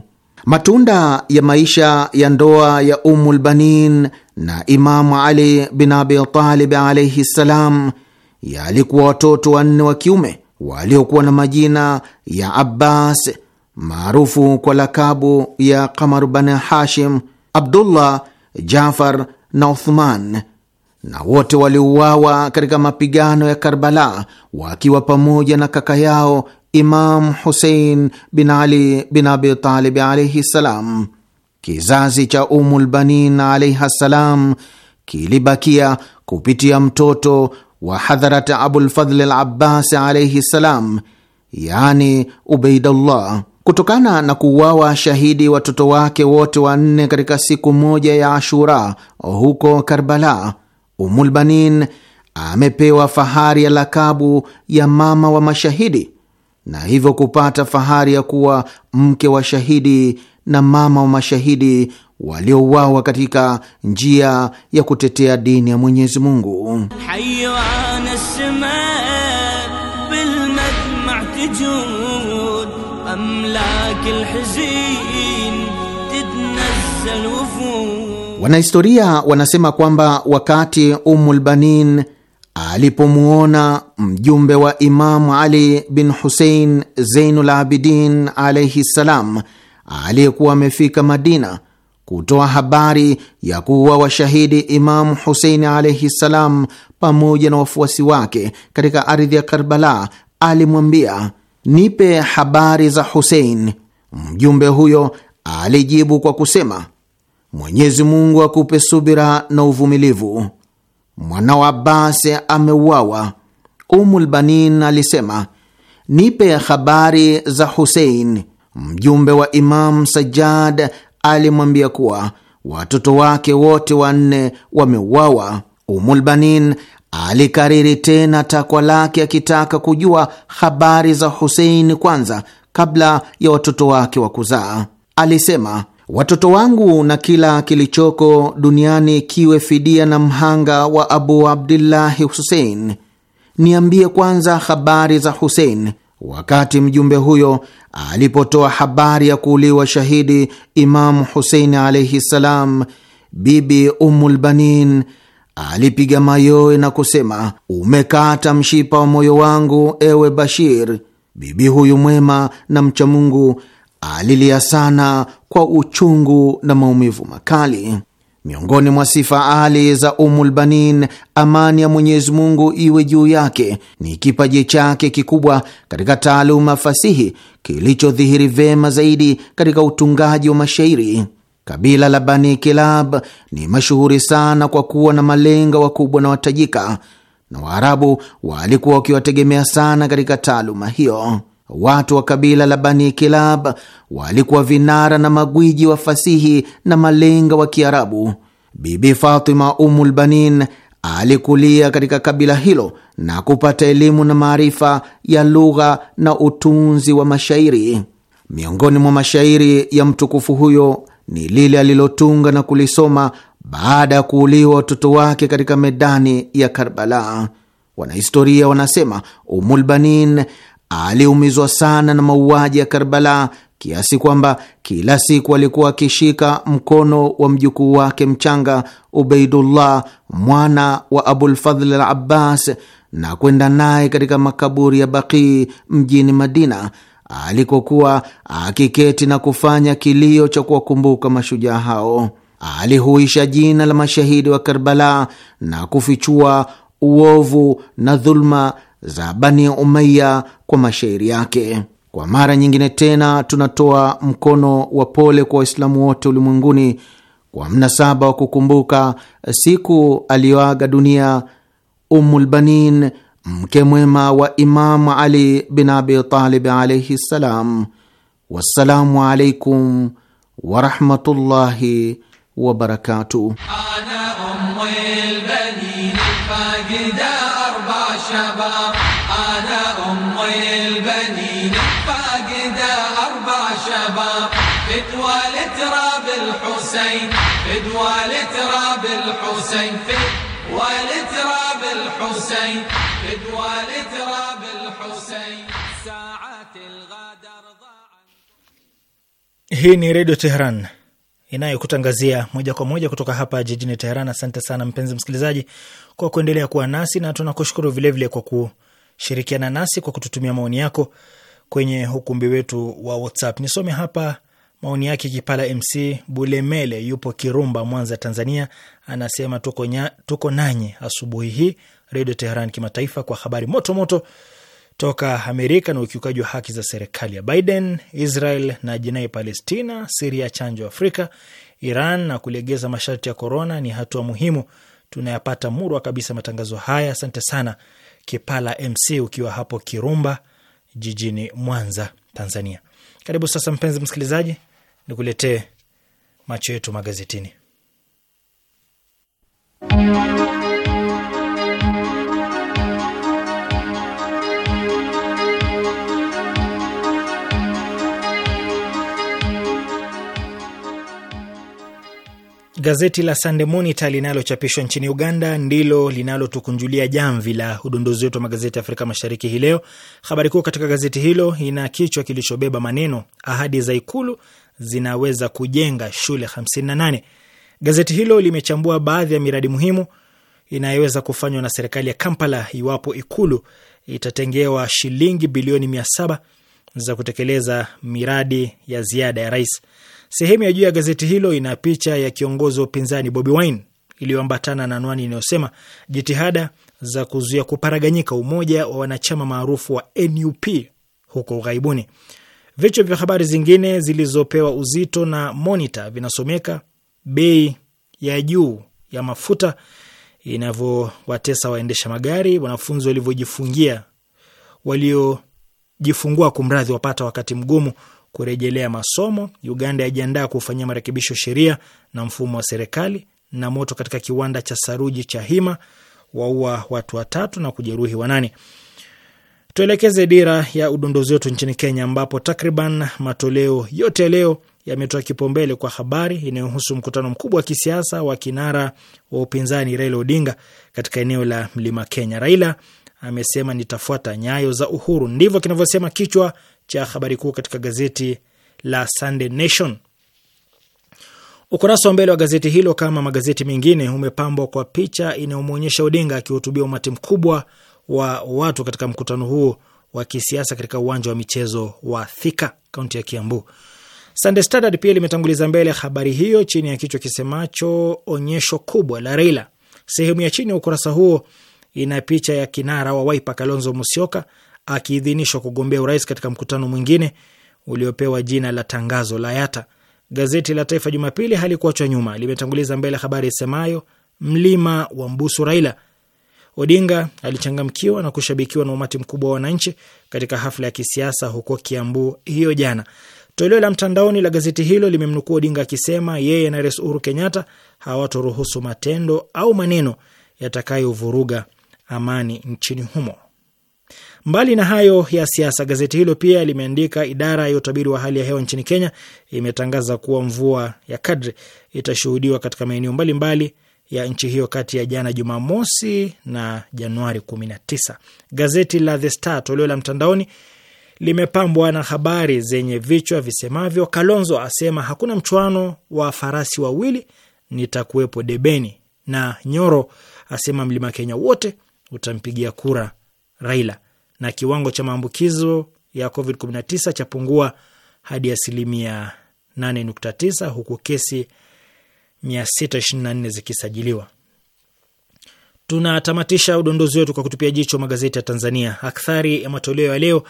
Matunda ya maisha ya ndoa ya ummulbanin na Imamu Ali bin Abitalib alaihi ssalam yalikuwa watoto wanne wa kiume waliokuwa na majina ya Abbas, maarufu kwa lakabu ya Qamar bin Hashim, Abdullah, Jafar na Uthman, na wote waliuawa katika mapigano ya Karbala wakiwa pamoja na kaka yao Imam Husein bin Ali bin Abi Talib alaihi ssalam. Kizazi cha Umulbanin alaihi ssalam kilibakia kupitia mtoto wa Hadharat Abulfadhli al Abbasi alaihi ssalam, yani Ubeidullah. Kutokana na kuuawa shahidi watoto wake wote wanne katika siku moja ya Ashura huko Karbala, Umulbanin amepewa fahari ya lakabu ya mama wa mashahidi na hivyo kupata fahari ya kuwa mke wa shahidi na mama wa mashahidi waliouawa katika njia ya kutetea dini ya Mwenyezi Mungu. Wanahistoria wanasema kwamba wakati ummulbanin alipomwona mjumbe wa Imamu Ali bin Husein Zeinul Abidin alaihi ssalam aliyekuwa amefika Madina kutoa habari ya kuwa washahidi Imamu Husein alaihi ssalam pamoja na wafuasi wake katika ardhi ya Karbala, alimwambia nipe habari za Husein. Mjumbe huyo alijibu kwa kusema, Mwenyezi Mungu akupe subira na uvumilivu. wa Abbas ameuawa. Umulbanin alisema, nipe habari za Husein. Mjumbe wa Imam Sajjad alimwambia kuwa watoto wake wote wanne wameuawa. Umulbanin alikariri tena takwa lake akitaka kujua habari za Husein kwanza kabla ya watoto wake wa kuzaa. Alisema, watoto wangu na kila kilichoko duniani kiwe fidia na mhanga wa Abu Abdillahi Husein. Niambie kwanza habari za Husein. Wakati mjumbe huyo alipotoa habari ya kuuliwa shahidi Imamu Husein alaihi ssalam, Bibi Ummulbanin alipiga mayowe na kusema, umekata mshipa wa moyo wangu, ewe Bashir. Bibi huyu mwema na mcha Mungu alilia sana kwa uchungu na maumivu makali. Miongoni mwa sifa ali za Umulbanin, Banin, amani ya Mwenyezi Mungu iwe juu yake, ni kipaji chake kikubwa katika taaluma fasihi kilichodhihiri vyema zaidi katika utungaji wa mashairi. Kabila la Bani Kilab ni mashuhuri sana kwa kuwa na malenga wakubwa na watajika na Waarabu walikuwa wakiwategemea sana katika taaluma hiyo. Watu wa kabila la Bani Kilab walikuwa vinara na magwiji wa fasihi na malenga wa Kiarabu. Bibi Fatima Umulbanin alikulia katika kabila hilo na kupata elimu na maarifa ya lugha na utunzi wa mashairi. Miongoni mwa mashairi ya mtukufu huyo ni lile alilotunga na kulisoma baada ya kuuliwa watoto wake katika medani ya Karbala. Wanahistoria wanasema Umulbanin aliumizwa sana na mauaji ya Karbala kiasi kwamba kila siku alikuwa akishika mkono wa mjukuu wake mchanga Ubeidullah mwana wa Abulfadhl al Abbas na kwenda naye katika makaburi ya Baqii mjini Madina alikokuwa akiketi na kufanya kilio cha kuwakumbuka mashujaa hao alihuisha jina la mashahidi wa Karbala na kufichua uovu na dhuluma za Bani Umaya kwa mashairi yake. Kwa mara nyingine tena, tunatoa mkono wa pole kwa Waislamu wote ulimwenguni kwa mnasaba wa kukumbuka siku aliyoaga dunia Ummulbanin, mke mwema wa Imamu Ali bin Abi Talib alaihi ssalam. Wassalamu alaikum warahmatullahi وبركاته أنا أم البنين فاقدة أربع شباب أنا أم البنين فاقدة أربع شباب فدوى لتراب الحسين فدوى لتراب الحسين فدوى لتراب الحسين فدوى لتراب الحسين ساعة الغدر ضاعت هي راديو تهران inayokutangazia moja kwa moja kutoka hapa jijini Teheran. Asante sana mpenzi msikilizaji kwa kuendelea kuwa nasi na tunakushukuru vilevile kwa kushirikiana nasi kwa kututumia maoni yako kwenye ukumbi wetu wa WhatsApp. Nisome hapa maoni yake. Kipala MC Bulemele yupo Kirumba, Mwanza, Tanzania, anasema tuko, nya, tuko nanye asubuhi hii Redio Teheran Kimataifa kwa habari motomoto moto toka Amerika na ukiukaji wa haki za serikali ya Biden, Israel na jinai Palestina, Siria ya chanjo Afrika, Iran na kulegeza masharti ya korona ni hatua muhimu. Tunayapata murwa kabisa matangazo haya. Asante sana Kipala MC ukiwa hapo Kirumba jijini Mwanza, Tanzania. Karibu sasa, mpenzi msikilizaji, nikuletee macho yetu magazetini. Gazeti la Sunday Monitor linalochapishwa nchini Uganda ndilo linalotukunjulia jamvi la udondozi wetu wa magazeti ya Afrika Mashariki hii leo. Habari kuu katika gazeti hilo ina kichwa kilichobeba maneno ahadi za Ikulu zinaweza kujenga shule 58. Gazeti hilo limechambua baadhi ya miradi muhimu inayoweza kufanywa na serikali ya Kampala iwapo Ikulu itatengewa shilingi bilioni mia saba za kutekeleza miradi ya ziada ya rais. Sehemu ya juu ya gazeti hilo ina picha ya kiongozi wa upinzani Bobi Wine iliyoambatana na anwani inayosema jitihada za kuzuia kuparaganyika umoja wa wanachama maarufu wa NUP huko ughaibuni. Vichwa vya habari zingine zilizopewa uzito na Monita vinasomeka bei ya juu ya mafuta inavyowatesa waendesha magari, wanafunzi walivyojifungia waliojifungua kumradhi, wapata wakati mgumu kurejelea masomo, Uganda yajiandaa kufanyia marekebisho sheria na mfumo wa serikali, na moto katika kiwanda cha saruji cha Hima waua watu watatu na kujeruhi wanane. Tuelekeze dira ya udondozi wetu nchini Kenya, ambapo takriban matoleo yote ya leo yametoa kipaumbele kwa habari inayohusu mkutano mkubwa wa kisiasa wa kinara wa upinzani Raila Odinga katika eneo la mlima Kenya. Raila amesema nitafuata nyayo za Uhuru, ndivyo kinavyosema kichwa cha habari kuu katika gazeti la Sunday Nation. Ukurasa wa mbele wa gazeti hilo kama magazeti mengine umepambwa kwa picha inayomwonyesha Odinga akihutubia umati mkubwa wa watu katika mkutano huo wa kisiasa katika uwanja wa michezo wa Thika, kaunti ya Kiambu. Sunday Standard pia limetanguliza mbele habari hiyo chini ya kichwa kisemacho onyesho kubwa la Raila. Sehemu ya chini ya ukurasa huo ina picha ya kinara wa Waipa Kalonzo Musyoka akiidhinishwa kugombea urais katika mkutano mwingine uliopewa jina la tangazo la Yata. Gazeti la Taifa Jumapili halikuachwa nyuma, limetanguliza mbele habari isemayo mlima wa mbusu Raila Odinga alichangamkiwa na kushabikiwa na umati mkubwa wa wananchi katika hafla ya kisiasa huko Kiambu hiyo jana. Toleo la mtandaoni la gazeti hilo limemnukuu Odinga akisema yeye na Rais Uhuru Kenyatta hawatoruhusu matendo au maneno yatakayovuruga amani nchini humo. Mbali na hayo ya siasa, gazeti hilo pia limeandika idara ya utabiri wa hali ya hewa nchini Kenya imetangaza kuwa mvua ya kadri itashuhudiwa katika maeneo mbalimbali ya nchi hiyo kati ya jana Jumamosi na Januari 19. Gazeti la The Star toleo la mtandaoni limepambwa na habari zenye vichwa visemavyo: Kalonzo asema hakuna mchuano wa farasi wawili, nitakuwepo debeni, na Nyoro asema mlima Kenya wote utampigia kura Raila na kiwango cha maambukizo ya COVID-19 chapungua hadi asilimia 8.9 huku kesi 624 zikisajiliwa. Tunatamatisha udondozi wetu kwa kutupia jicho magazeti ya Tanzania. Akthari ya matoleo ya leo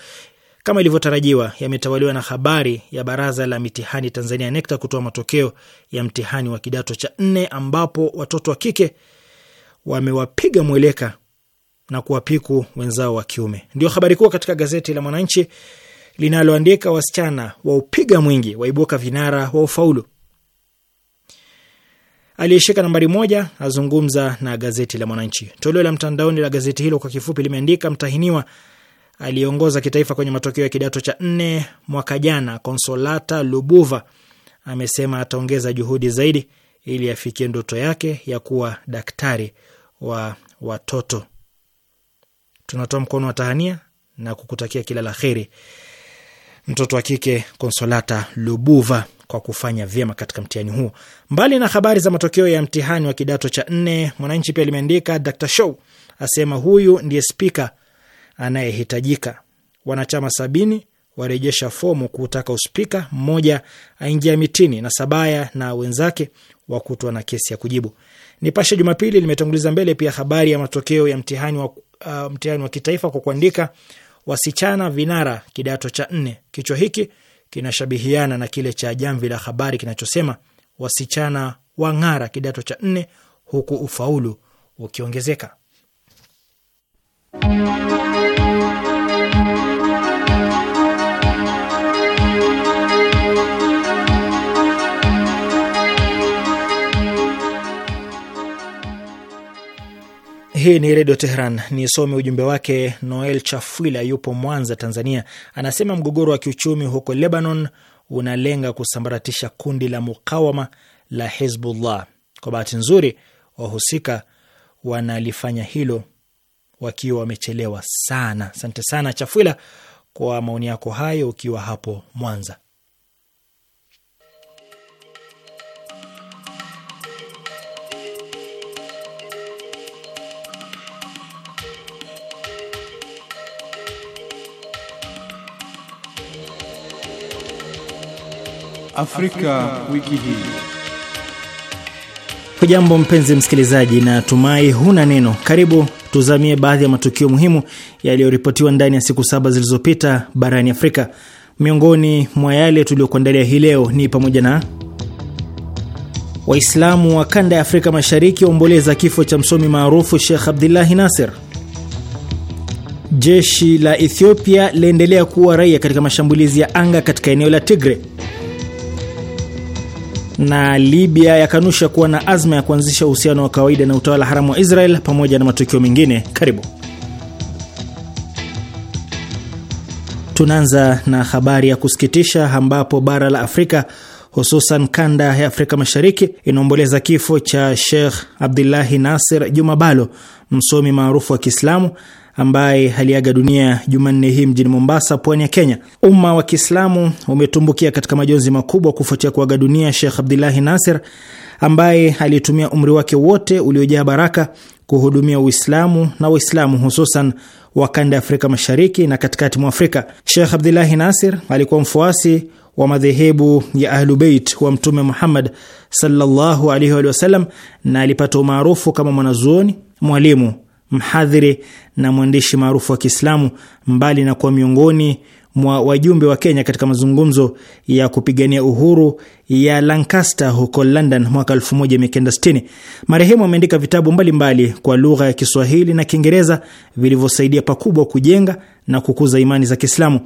kama ilivyotarajiwa yametawaliwa na habari ya Baraza la Mitihani Tanzania NECTA kutoa matokeo ya mtihani wa kidato cha nne ambapo watoto wa kike wamewapiga mweleka na kuwapiku wenzao wa kiume. Ndio habari kuu katika gazeti la Mwananchi linaloandika wasichana wa upiga mwingi waibuka vinara wa ufaulu. Aliyeshika nambari moja azungumza na gazeti la Mwananchi. Toleo la mtandaoni la gazeti hilo kwa kifupi limeandika mtahiniwa aliyeongoza kitaifa kwenye matokeo ya kidato cha nne mwaka jana, Konsolata Lubuva amesema ataongeza juhudi zaidi ili afikie ndoto yake ya kuwa daktari wa watoto tunatoa mkono wa tahania na kukutakia kila la kheri mtoto wa kike Konsolata Lubuva kwa kufanya vyema katika mtihani huo. Mbali na habari za matokeo ya mtihani wa kidato cha nne, Mwananchi pia limeandika Dr Show asema huyu ndiye spika anayehitajika. Wanachama sabini warejesha fomu kutaka uspika, mmoja aingia mitini, na Sabaya na wenzake wakutwa na kesi ya kujibu. Nipashe Jumapili limetanguliza mbele pia habari ya matokeo ya mtihani wa uh, mtihani wa kitaifa kwa kuandika wasichana vinara kidato cha nne. Kichwa hiki kinashabihiana na kile cha Jamvi la Habari kinachosema wasichana wang'ara kidato cha nne huku ufaulu ukiongezeka. Hii ni Redio Teheran. Nisome ujumbe wake. Noel Chafwila yupo Mwanza, Tanzania, anasema mgogoro wa kiuchumi huko Lebanon unalenga kusambaratisha kundi la mukawama la Hizbullah. Kwa bahati nzuri, wahusika wanalifanya hilo wakiwa wamechelewa sana. Asante sana Chafwila kwa maoni yako hayo, ukiwa hapo Mwanza. Afrika, wiki hii. Hujambo mpenzi msikilizaji, na tumai huna neno. Karibu tuzamie baadhi ya matukio muhimu yaliyoripotiwa ndani ya siku saba zilizopita barani Afrika. Miongoni mwa yale tuliyokuandalia hii leo ni pamoja na Waislamu wa kanda ya Afrika Mashariki waomboleza kifo cha msomi maarufu Sheikh Abdullahi Nasir. Jeshi la Ethiopia laendelea kuwa raia katika mashambulizi ya anga katika eneo la Tigre na Libya yakanusha kuwa na azma ya kuanzisha uhusiano wa kawaida na utawala haramu wa Israel pamoja na matukio mengine. Karibu. Tunaanza na habari ya kusikitisha ambapo bara la Afrika hususan kanda ya Afrika Mashariki inaomboleza kifo cha Sheikh Abdullahi Nasir Juma Balo, msomi maarufu wa Kiislamu ambaye aliaga dunia Jumanne hii mjini Mombasa, pwani ya Kenya. Umma wa Kiislamu umetumbukia katika majonzi makubwa kufuatia kuaga dunia Sheikh Abdullahi Nasir ambaye alitumia umri wake wote uliojaa baraka kuhudumia Uislamu na Waislamu hususan wa kanda ya Afrika Mashariki na katikati mwa Afrika. Sheikh Abdullahi Nasir alikuwa mfuasi wa madhehebu ya Ahlubeit wa Mtume Muhammad sallallahu alaihi wa sallam na alipata umaarufu kama mwanazuoni, mwalimu mhadhiri na mwandishi maarufu wa Kiislamu, mbali na kuwa miongoni mwa wajumbe wa Kenya katika mazungumzo ya kupigania uhuru ya Lancaster huko London mwaka 1960. Marehemu ameandika vitabu mbalimbali mbali kwa lugha ya Kiswahili na Kiingereza vilivyosaidia pakubwa kujenga na kukuza imani za Kiislamu.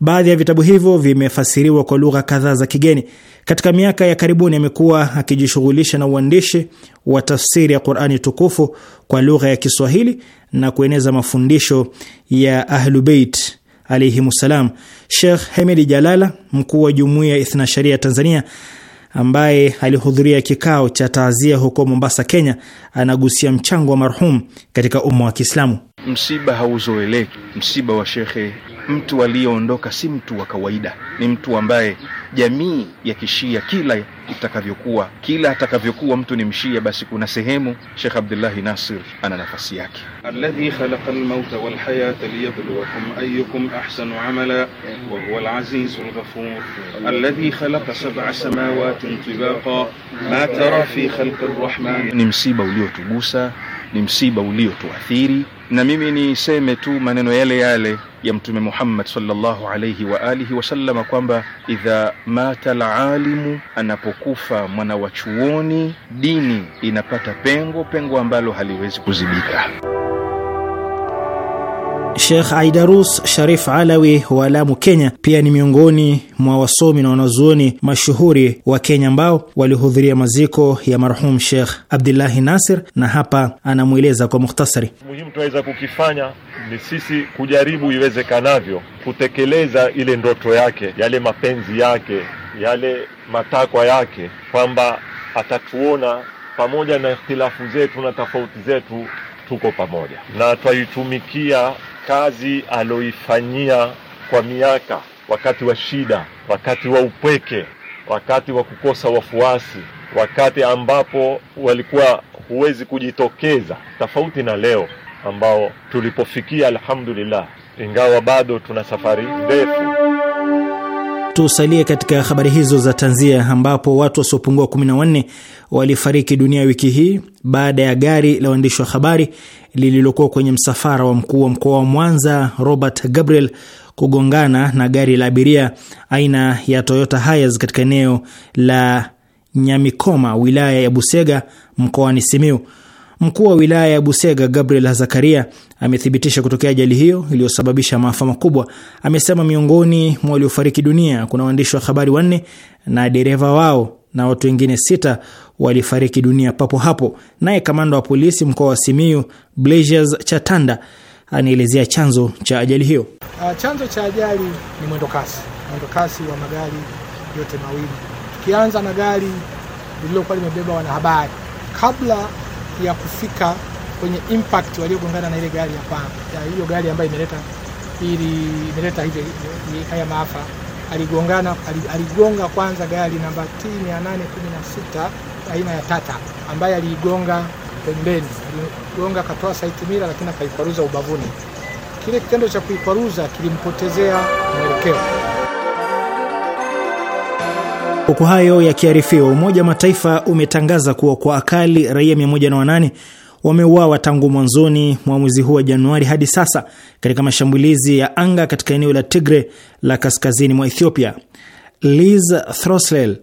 Baadhi ya vitabu hivyo vimefasiriwa kwa lugha kadhaa za kigeni. Katika miaka ya karibuni amekuwa akijishughulisha na uandishi wa tafsiri ya Qur'ani tukufu kwa lugha ya Kiswahili na kueneza mafundisho ya Ahlubeit alaihimussalam. Sheikh Hemedi Jalala, mkuu wa jumuiya ya sharia ya Tanzania, ambaye alihudhuria kikao cha taazia huko Mombasa, Kenya, anagusia mchango wa marhum katika umma wa Kiislamu. Msiba hauzoeleki, msiba wa shekhe Mtu aliyeondoka si mtu wa kawaida, ni mtu ambaye jamii ya kishia kila itakavyokuwa, kila atakavyokuwa mtu ni mshia, basi kuna sehemu Sheikh Abdullahi Nasir ana nafasi yake. alladhi khalaqa almauta walhayata liyabluwakum ayyukum ahsanu amala wa huwa alazizul ghafur alladhi khalaqa sab'a samawati tibaqa ma tara fi khalqi arrahman. Ni msiba uliotugusa, ni msiba uliotuathiri na mimi niseme tu maneno yale yale ya Mtume Muhammad sallallahu alayhi wa alihi wasallam kwamba idha mata alalimu, anapokufa mwana wa chuoni, dini inapata pengo, pengo ambalo haliwezi kuzibika. Sheikh Aidarus Sharif Alawi wa Lamu, Kenya, pia ni miongoni mwa wasomi na wanazuoni mashuhuri wa Kenya ambao walihudhuria maziko ya marhum Sheikh Abdullahi Nasir, na hapa anamweleza kwa mukhtasari. Muhimu tunaweza kukifanya ni sisi kujaribu iwezekanavyo kutekeleza ile ndoto yake, yale mapenzi yake, yale matakwa yake, kwamba atatuona pamoja na ikhtilafu zetu na tofauti zetu tuko pamoja na twaitumikia kazi aloifanyia kwa miaka, wakati wa shida, wakati wa upweke, wakati wa kukosa wafuasi, wakati ambapo walikuwa huwezi kujitokeza, tofauti na leo ambao tulipofikia, alhamdulillah, ingawa bado tuna safari ndefu. Tusalie katika habari hizo za tanzia, ambapo watu wasiopungua 14 walifariki dunia wiki hii baada ya gari la waandishi wa habari lililokuwa kwenye msafara wa mkuu wa mkoa wa Mwanza Robert Gabriel kugongana na gari la abiria aina ya Toyota Hiace katika eneo la Nyamikoma, wilaya ya Busega, mkoani Simiu. Mkuu wa wilaya ya Busega Gabriel Zakaria amethibitisha kutokea ajali hiyo iliyosababisha maafa makubwa. Amesema miongoni mwa waliofariki dunia kuna waandishi wa habari wanne na dereva wao na watu wengine sita walifariki dunia papo hapo. Naye kamanda wa polisi mkoa wa Simiyu Blazers Chatanda anaelezea chanzo cha ajali hiyo. Uh, chanzo cha ajali ni mwendokasi, mwendokasi wa magari yote mawili, tukianza na gari lililokuwa limebeba wanahabari kabla ya kufika kwenye impact waliogongana na ile gari ya kwanza ya hiyo gari ambayo imeleta ili imeleta hivi haya maafa. Aligongana, aligonga kwanza gari namba T 816 aina ya Tata ambaye aliigonga pembeni, aligonga akatoa saiti mira, lakini akaikwaruza ubavuni. Kile kitendo cha kuikwaruza kilimpotezea mwelekeo. Huku hayo yakiarifiwa, Umoja wa Mataifa umetangaza kuwa kwa akali raia 108 wameuawa tangu mwanzoni mwa mwezi huu wa Januari hadi sasa katika mashambulizi ya anga katika eneo la Tigre la kaskazini mwa Ethiopia. Liz Throslell,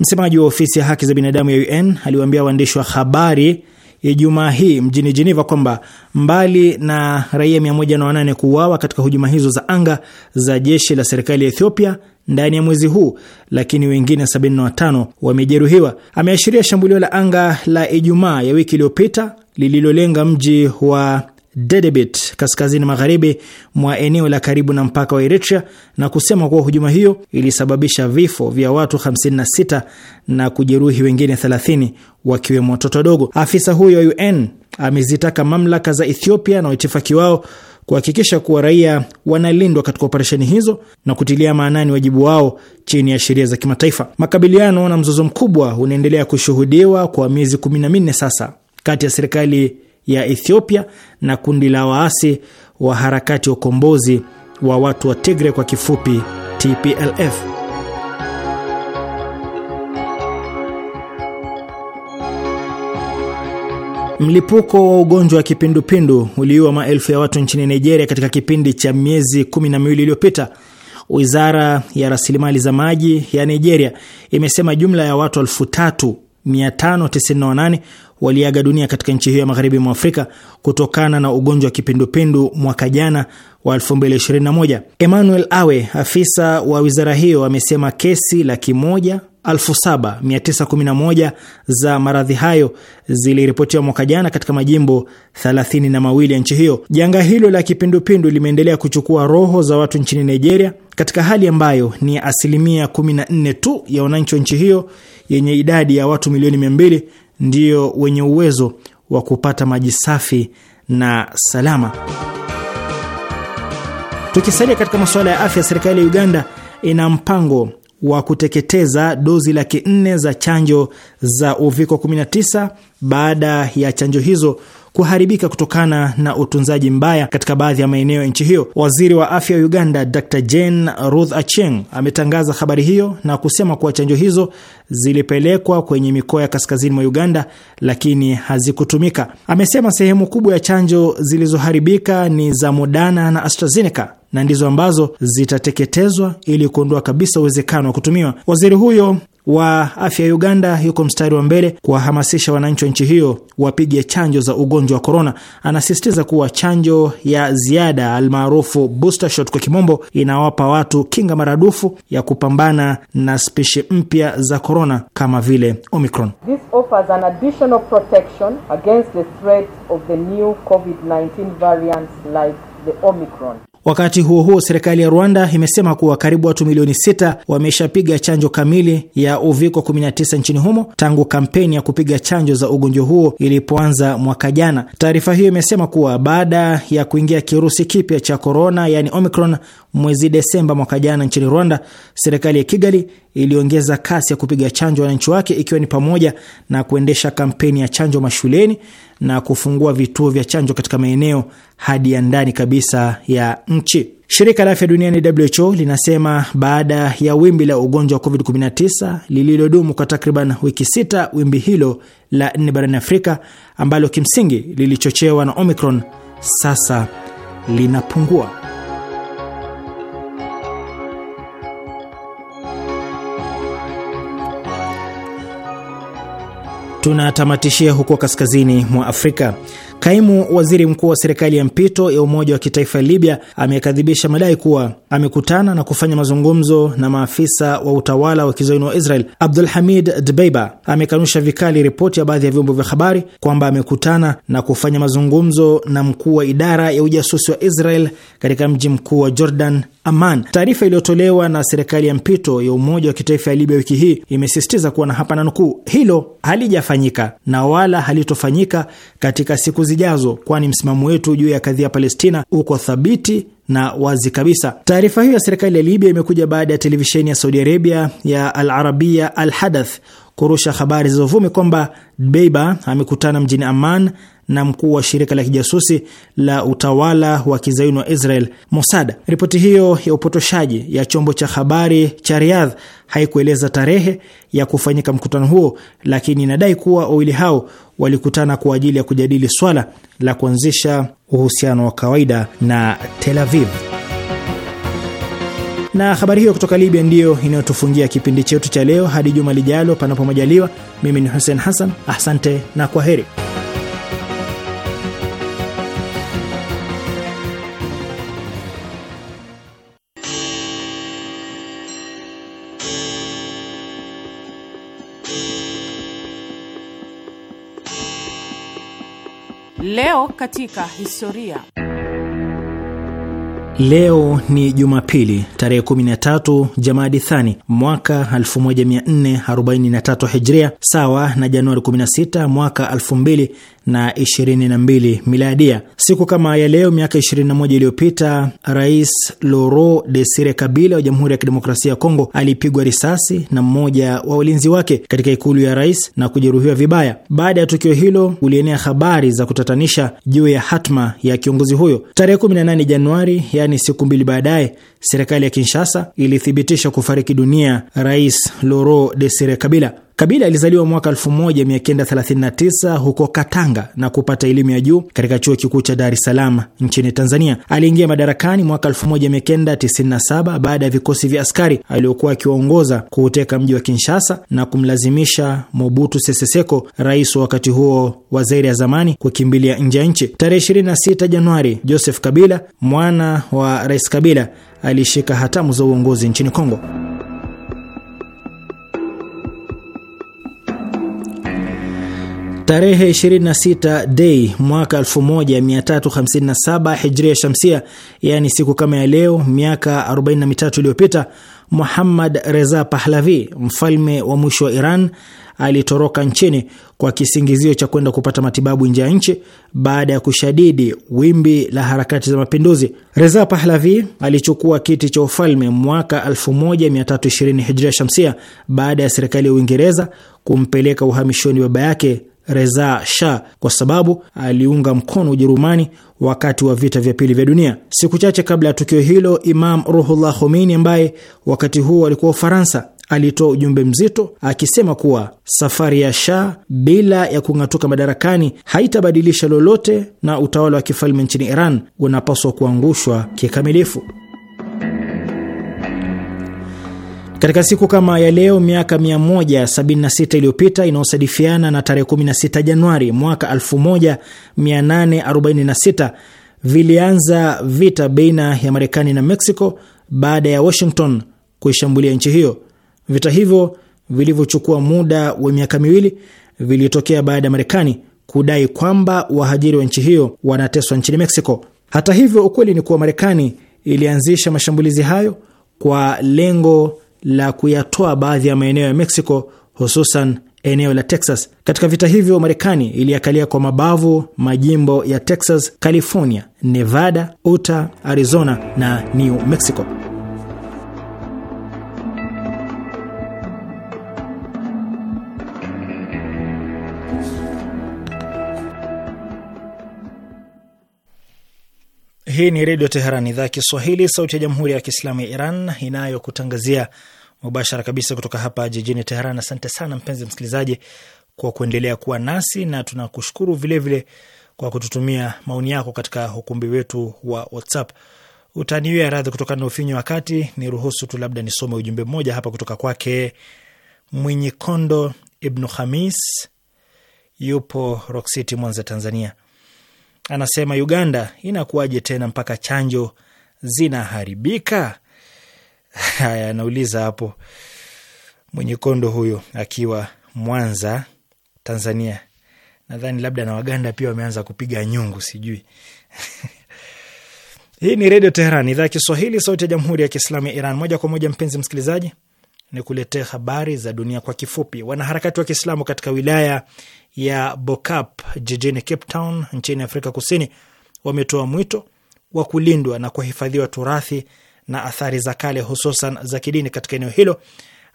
msemaji wa ofisi ya haki za binadamu ya UN, aliwaambia waandishi wa habari Ijumaa hii mjini jeneva kwamba mbali na raia 108 kuuawa katika hujuma hizo za anga za jeshi la serikali ya Ethiopia ndani ya mwezi huu, lakini wengine 75 wamejeruhiwa. Ameashiria shambulio la anga la Ijumaa ya wiki iliyopita lililolenga mji wa Dedebit kaskazini magharibi mwa eneo la karibu na mpaka wa Eritrea na kusema kuwa hujuma hiyo ilisababisha vifo vya watu 56 na kujeruhi wengine 30 wakiwemo watoto wadogo. Afisa huyo wa UN amezitaka mamlaka za Ethiopia na waitifaki wao kuhakikisha kuwa raia wanalindwa katika operesheni hizo na kutilia maanani wajibu wao chini ya sheria za kimataifa. Makabiliano na mzozo mkubwa unaendelea kushuhudiwa kwa miezi minne sasa kati ya serikali ya Ethiopia na kundi la waasi wa harakati ya ukombozi wa watu wa Tigre kwa kifupi TPLF. Mlipuko wa ugonjwa wa kipindupindu uliua maelfu ya watu nchini Nigeria katika kipindi cha miezi kumi na miwili iliyopita. Wizara ya rasilimali za maji ya Nigeria imesema jumla ya watu 3598 waliaga dunia katika nchi hiyo ya magharibi mwa Afrika kutokana na ugonjwa wa kipindupindu mwaka jana wa 2021. Emmanuel Awe, afisa wa wizara hiyo, amesema kesi laki moja 7911 za maradhi hayo ziliripotiwa mwaka jana katika majimbo 32 ya nchi hiyo. Janga hilo la kipindupindu limeendelea kuchukua roho za watu nchini Nigeria, katika hali ambayo ni asilimia 14 tu ya wananchi wa nchi hiyo yenye idadi ya watu milioni 200 ndiyo wenye uwezo wa kupata maji safi na salama. Tukisalia katika masuala ya afya, serikali ya Uganda ina mpango wa kuteketeza dozi laki nne za chanjo za uviko 19 baada ya chanjo hizo kuharibika kutokana na utunzaji mbaya katika baadhi ya maeneo ya nchi hiyo. Waziri wa afya wa Uganda Dr Jane Ruth Acheng ametangaza habari hiyo na kusema kuwa chanjo hizo zilipelekwa kwenye mikoa ya kaskazini mwa Uganda lakini hazikutumika. Amesema sehemu kubwa ya chanjo zilizoharibika ni za Moderna na AstraZeneca na ndizo ambazo zitateketezwa ili kuondoa kabisa uwezekano wa kutumiwa. Waziri huyo wa afya ya Uganda yuko mstari wa mbele kuwahamasisha wananchi wa nchi hiyo wapige chanjo za ugonjwa wa korona. Anasisitiza kuwa chanjo ya ziada almaarufu booster shot kwa kimombo inawapa watu kinga maradufu ya kupambana na spishi mpya za korona kama vile Omicron. This offers an additional protection against the threat of the new COVID-19 variants like the Omicron. Wakati huo huo, serikali ya Rwanda imesema kuwa karibu watu milioni sita wameshapiga chanjo kamili ya uviko 19 nchini humo tangu kampeni ya kupiga chanjo za ugonjwa huo ilipoanza mwaka jana. Taarifa hiyo imesema kuwa baada ya kuingia kirusi kipya cha korona, yani Omicron, mwezi Desemba mwaka jana nchini Rwanda, serikali ya Kigali iliongeza kasi ya kupiga chanjo wananchi wake, ikiwa ni pamoja na kuendesha kampeni ya chanjo mashuleni na kufungua vituo vya chanjo katika maeneo hadi ya ndani kabisa ya nchi. Shirika la afya duniani WHO linasema baada ya wimbi la ugonjwa wa COVID-19 lililodumu kwa takriban wiki sita, wimbi hilo la nne barani Afrika ambalo kimsingi lilichochewa na Omicron sasa linapungua. Tunatamatishia huko kaskazini mwa Afrika. Kaimu waziri mkuu wa serikali ya mpito ya Umoja wa Kitaifa Libya amekadhibisha madai kuwa amekutana na kufanya mazungumzo na maafisa wa utawala wa kizoeni wa Israel. Abdul Hamid Dbeiba amekanusha vikali ripoti ya baadhi ya vyombo vya habari kwamba amekutana na kufanya mazungumzo na mkuu wa idara ya ujasusi wa Israel katika mji mkuu wa Jordan Aman. Taarifa iliyotolewa na serikali ya mpito ya Umoja wa Kitaifa ya Libya wiki hii imesisitiza kuwa na hapa na nukuu, hilo halijafanyika na wala halitofanyika katika siku zijazo, kwani msimamo wetu juu ya kadhia Palestina uko thabiti na wazi kabisa. Taarifa hiyo ya serikali ya Libya imekuja baada ya televisheni ya Saudi Arabia ya Al Arabiya Al Hadath kurusha habari zilizovumi kwamba Dbeiba amekutana mjini Aman na mkuu wa shirika la kijasusi la utawala wa kizayuni wa Israel, Mossad. Ripoti hiyo ya upotoshaji ya chombo cha habari cha Riyadh haikueleza tarehe ya kufanyika mkutano huo, lakini inadai kuwa wawili hao walikutana kwa ajili ya kujadili swala la kuanzisha uhusiano wa kawaida na Tel Aviv. Na habari hiyo kutoka Libya ndiyo inayotufungia kipindi chetu cha leo. Hadi juma lijalo, panapo majaliwa. Mimi ni Hussein Hassan, asante na kwa heri. Leo katika historia. Leo ni Jumapili tarehe 13 Jamadi Thani mwaka 1443 Hijria, sawa na Januari 16 mwaka na 22 miladia. Siku kama ya leo miaka 21 iliyopita, Rais Laurent Desire Kabila wa Jamhuri ya Kidemokrasia ya Kongo alipigwa risasi na mmoja wa ulinzi wake katika ikulu ya rais na kujeruhiwa vibaya. Baada ya tukio hilo, ulienea habari za kutatanisha juu ya hatma ya kiongozi huyo. Tarehe 18 Januari, yaani siku mbili baadaye, serikali ya Kinshasa ilithibitisha kufariki dunia Rais Laurent Desire Kabila. Kabila alizaliwa mwaka 1939 huko Katanga na kupata elimu ya juu katika chuo kikuu cha Dar es Salaam nchini Tanzania. Aliingia madarakani mwaka 1997 baada ya vikosi vya askari aliyokuwa akiwaongoza kuuteka mji wa Kinshasa na kumlazimisha Mobutu Sese Seko, rais wa wakati huo wa Zaire ya zamani, kukimbilia nje ya nchi. Tarehe 26 Januari, Joseph Kabila mwana wa Rais Kabila alishika hatamu za uongozi nchini Kongo. Tarehe 26 Dei mwaka 1357 Hijria Shamsia, yaani siku kama ya leo miaka 43 iliyopita, Muhammad Reza Pahlavi, mfalme wa mwisho wa Iran, alitoroka nchini kwa kisingizio cha kwenda kupata matibabu nje ya nchi baada ya kushadidi wimbi la harakati za mapinduzi. Reza Pahlavi alichukua kiti cha ufalme mwaka 1320 Hijria Shamsia baada ya serikali ya Uingereza kumpeleka uhamishoni baba yake Reza Shah kwa sababu aliunga mkono Ujerumani wakati wa vita vya pili vya dunia. Siku chache kabla ya tukio hilo, Imam Ruhullah Khomeini ambaye wakati huo alikuwa Ufaransa alitoa ujumbe mzito akisema kuwa safari ya Shah bila ya kung'atuka madarakani haitabadilisha lolote na utawala wa kifalme nchini Iran unapaswa kuangushwa kikamilifu. Katika siku kama ya leo miaka 176 iliyopita inayosadifiana na tarehe 16 Januari mwaka 1846 vilianza vita baina ya Marekani na Mexico baada ya Washington kuishambulia nchi hiyo. Vita hivyo vilivyochukua muda wa miaka miwili vilitokea baada ya Marekani kudai kwamba wahajiri wa nchi hiyo wanateswa nchini Mexico. Hata hivyo, ukweli ni kuwa Marekani ilianzisha mashambulizi hayo kwa lengo la kuyatoa baadhi ya maeneo ya Mexico, hususan eneo la Texas. Katika vita hivyo, Marekani iliakalia kwa mabavu majimbo ya Texas, California, Nevada, Utah, Arizona na New Mexico. Hii ni Redio Teheran, idhaa ya Kiswahili, sauti ya Jamhuri ya Kiislamu ya Iran inayokutangazia mubashara kabisa kutoka hapa jijini Teheran. Asante sana mpenzi msikilizaji kwa kuendelea kuwa nasi na tunakushukuru vilevile kwa kututumia maoni yako katika ukumbi wetu wa WhatsApp. Utaniwia radhi kutokana na ufinyu wakati, ni ruhusu tu labda nisome ujumbe mmoja hapa kutoka kwake Mwinyi Kondo Ibnu Hamis, yupo Rock City, Mwanza, Tanzania. Anasema Uganda inakuwaje tena mpaka chanjo zinaharibika? Haya, anauliza hapo mwenye kondo huyo akiwa Mwanza, Tanzania. Nadhani labda na Waganda pia wameanza kupiga nyungu, sijui Hii ni Redio Teheran, idhaa ya Kiswahili, sauti ya Jamhuri ya Kiislamu ya Iran. Moja kwa moja, mpenzi msikilizaji, ni kuletea habari za dunia kwa kifupi. Wanaharakati wa Kiislamu katika wilaya ya Bokap jijini Cape Town nchini Afrika Kusini wametoa mwito wa kulindwa na kuhifadhiwa turathi na athari za kale, hususan za kidini katika eneo hilo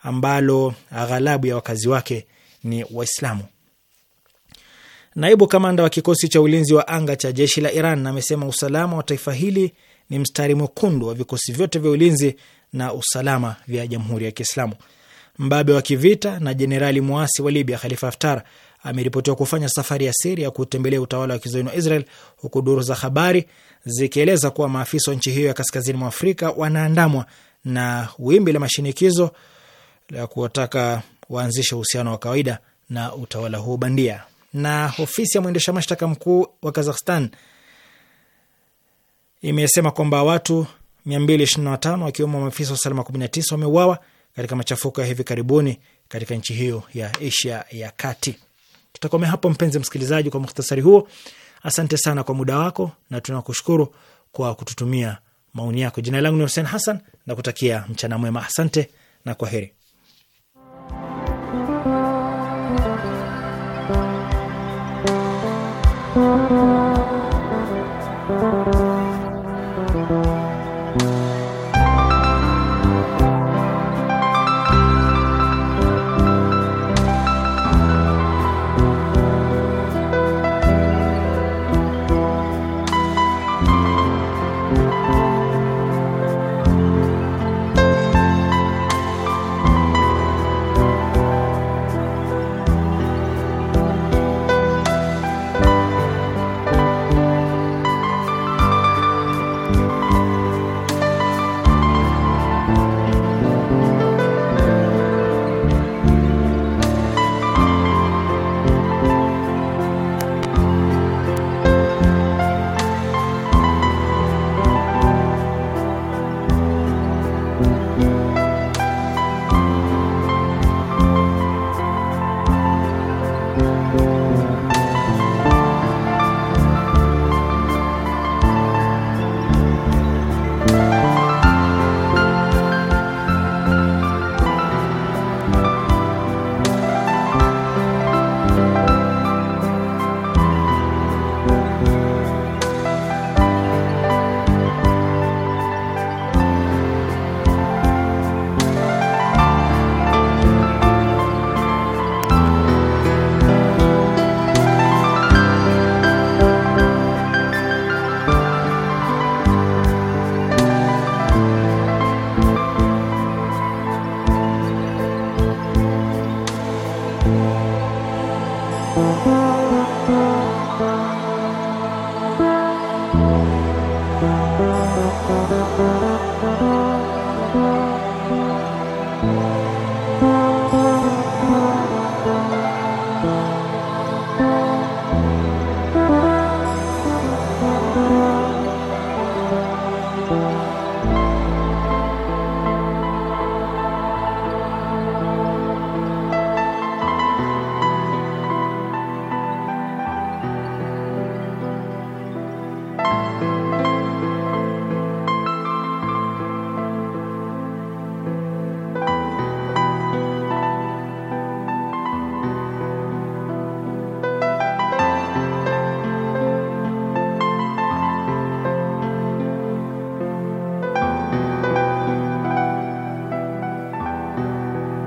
ambalo aghalabu ya wakazi wake ni Waislamu. Naibu kamanda wa kikosi cha ulinzi wa anga cha jeshi la Iran amesema usalama wa taifa hili ni mstari mwekundu wa vikosi vyote vya ulinzi na usalama vya Jamhuri ya Kiislamu. Mbabe wa kivita na jenerali muasi wa Libya Khalifa Haftar ameripotiwa kufanya safari ya siri ya kutembelea utawala wa kizayuni wa Israel, huku duru za habari zikieleza kuwa maafisa wa nchi hiyo ya kaskazini mwa Afrika wanaandamwa na wimbi la mashinikizo la kuwataka waanzishe uhusiano wa kawaida na utawala huo bandia. Na ofisi ya mwendesha mashtaka mkuu wa Kazakhstan imesema kwamba watu 225 wakiwemo maafisa wa usalama 19 wameuawa katika machafuko ya hivi karibuni katika nchi hiyo ya Asia ya Kati. Tutakomea hapo mpenzi msikilizaji, kwa muhtasari huo. Asante sana kwa muda wako na tunakushukuru kwa kututumia maoni yako. Jina langu ni Hussein Hassan na kutakia mchana mwema. Asante na kwaheri.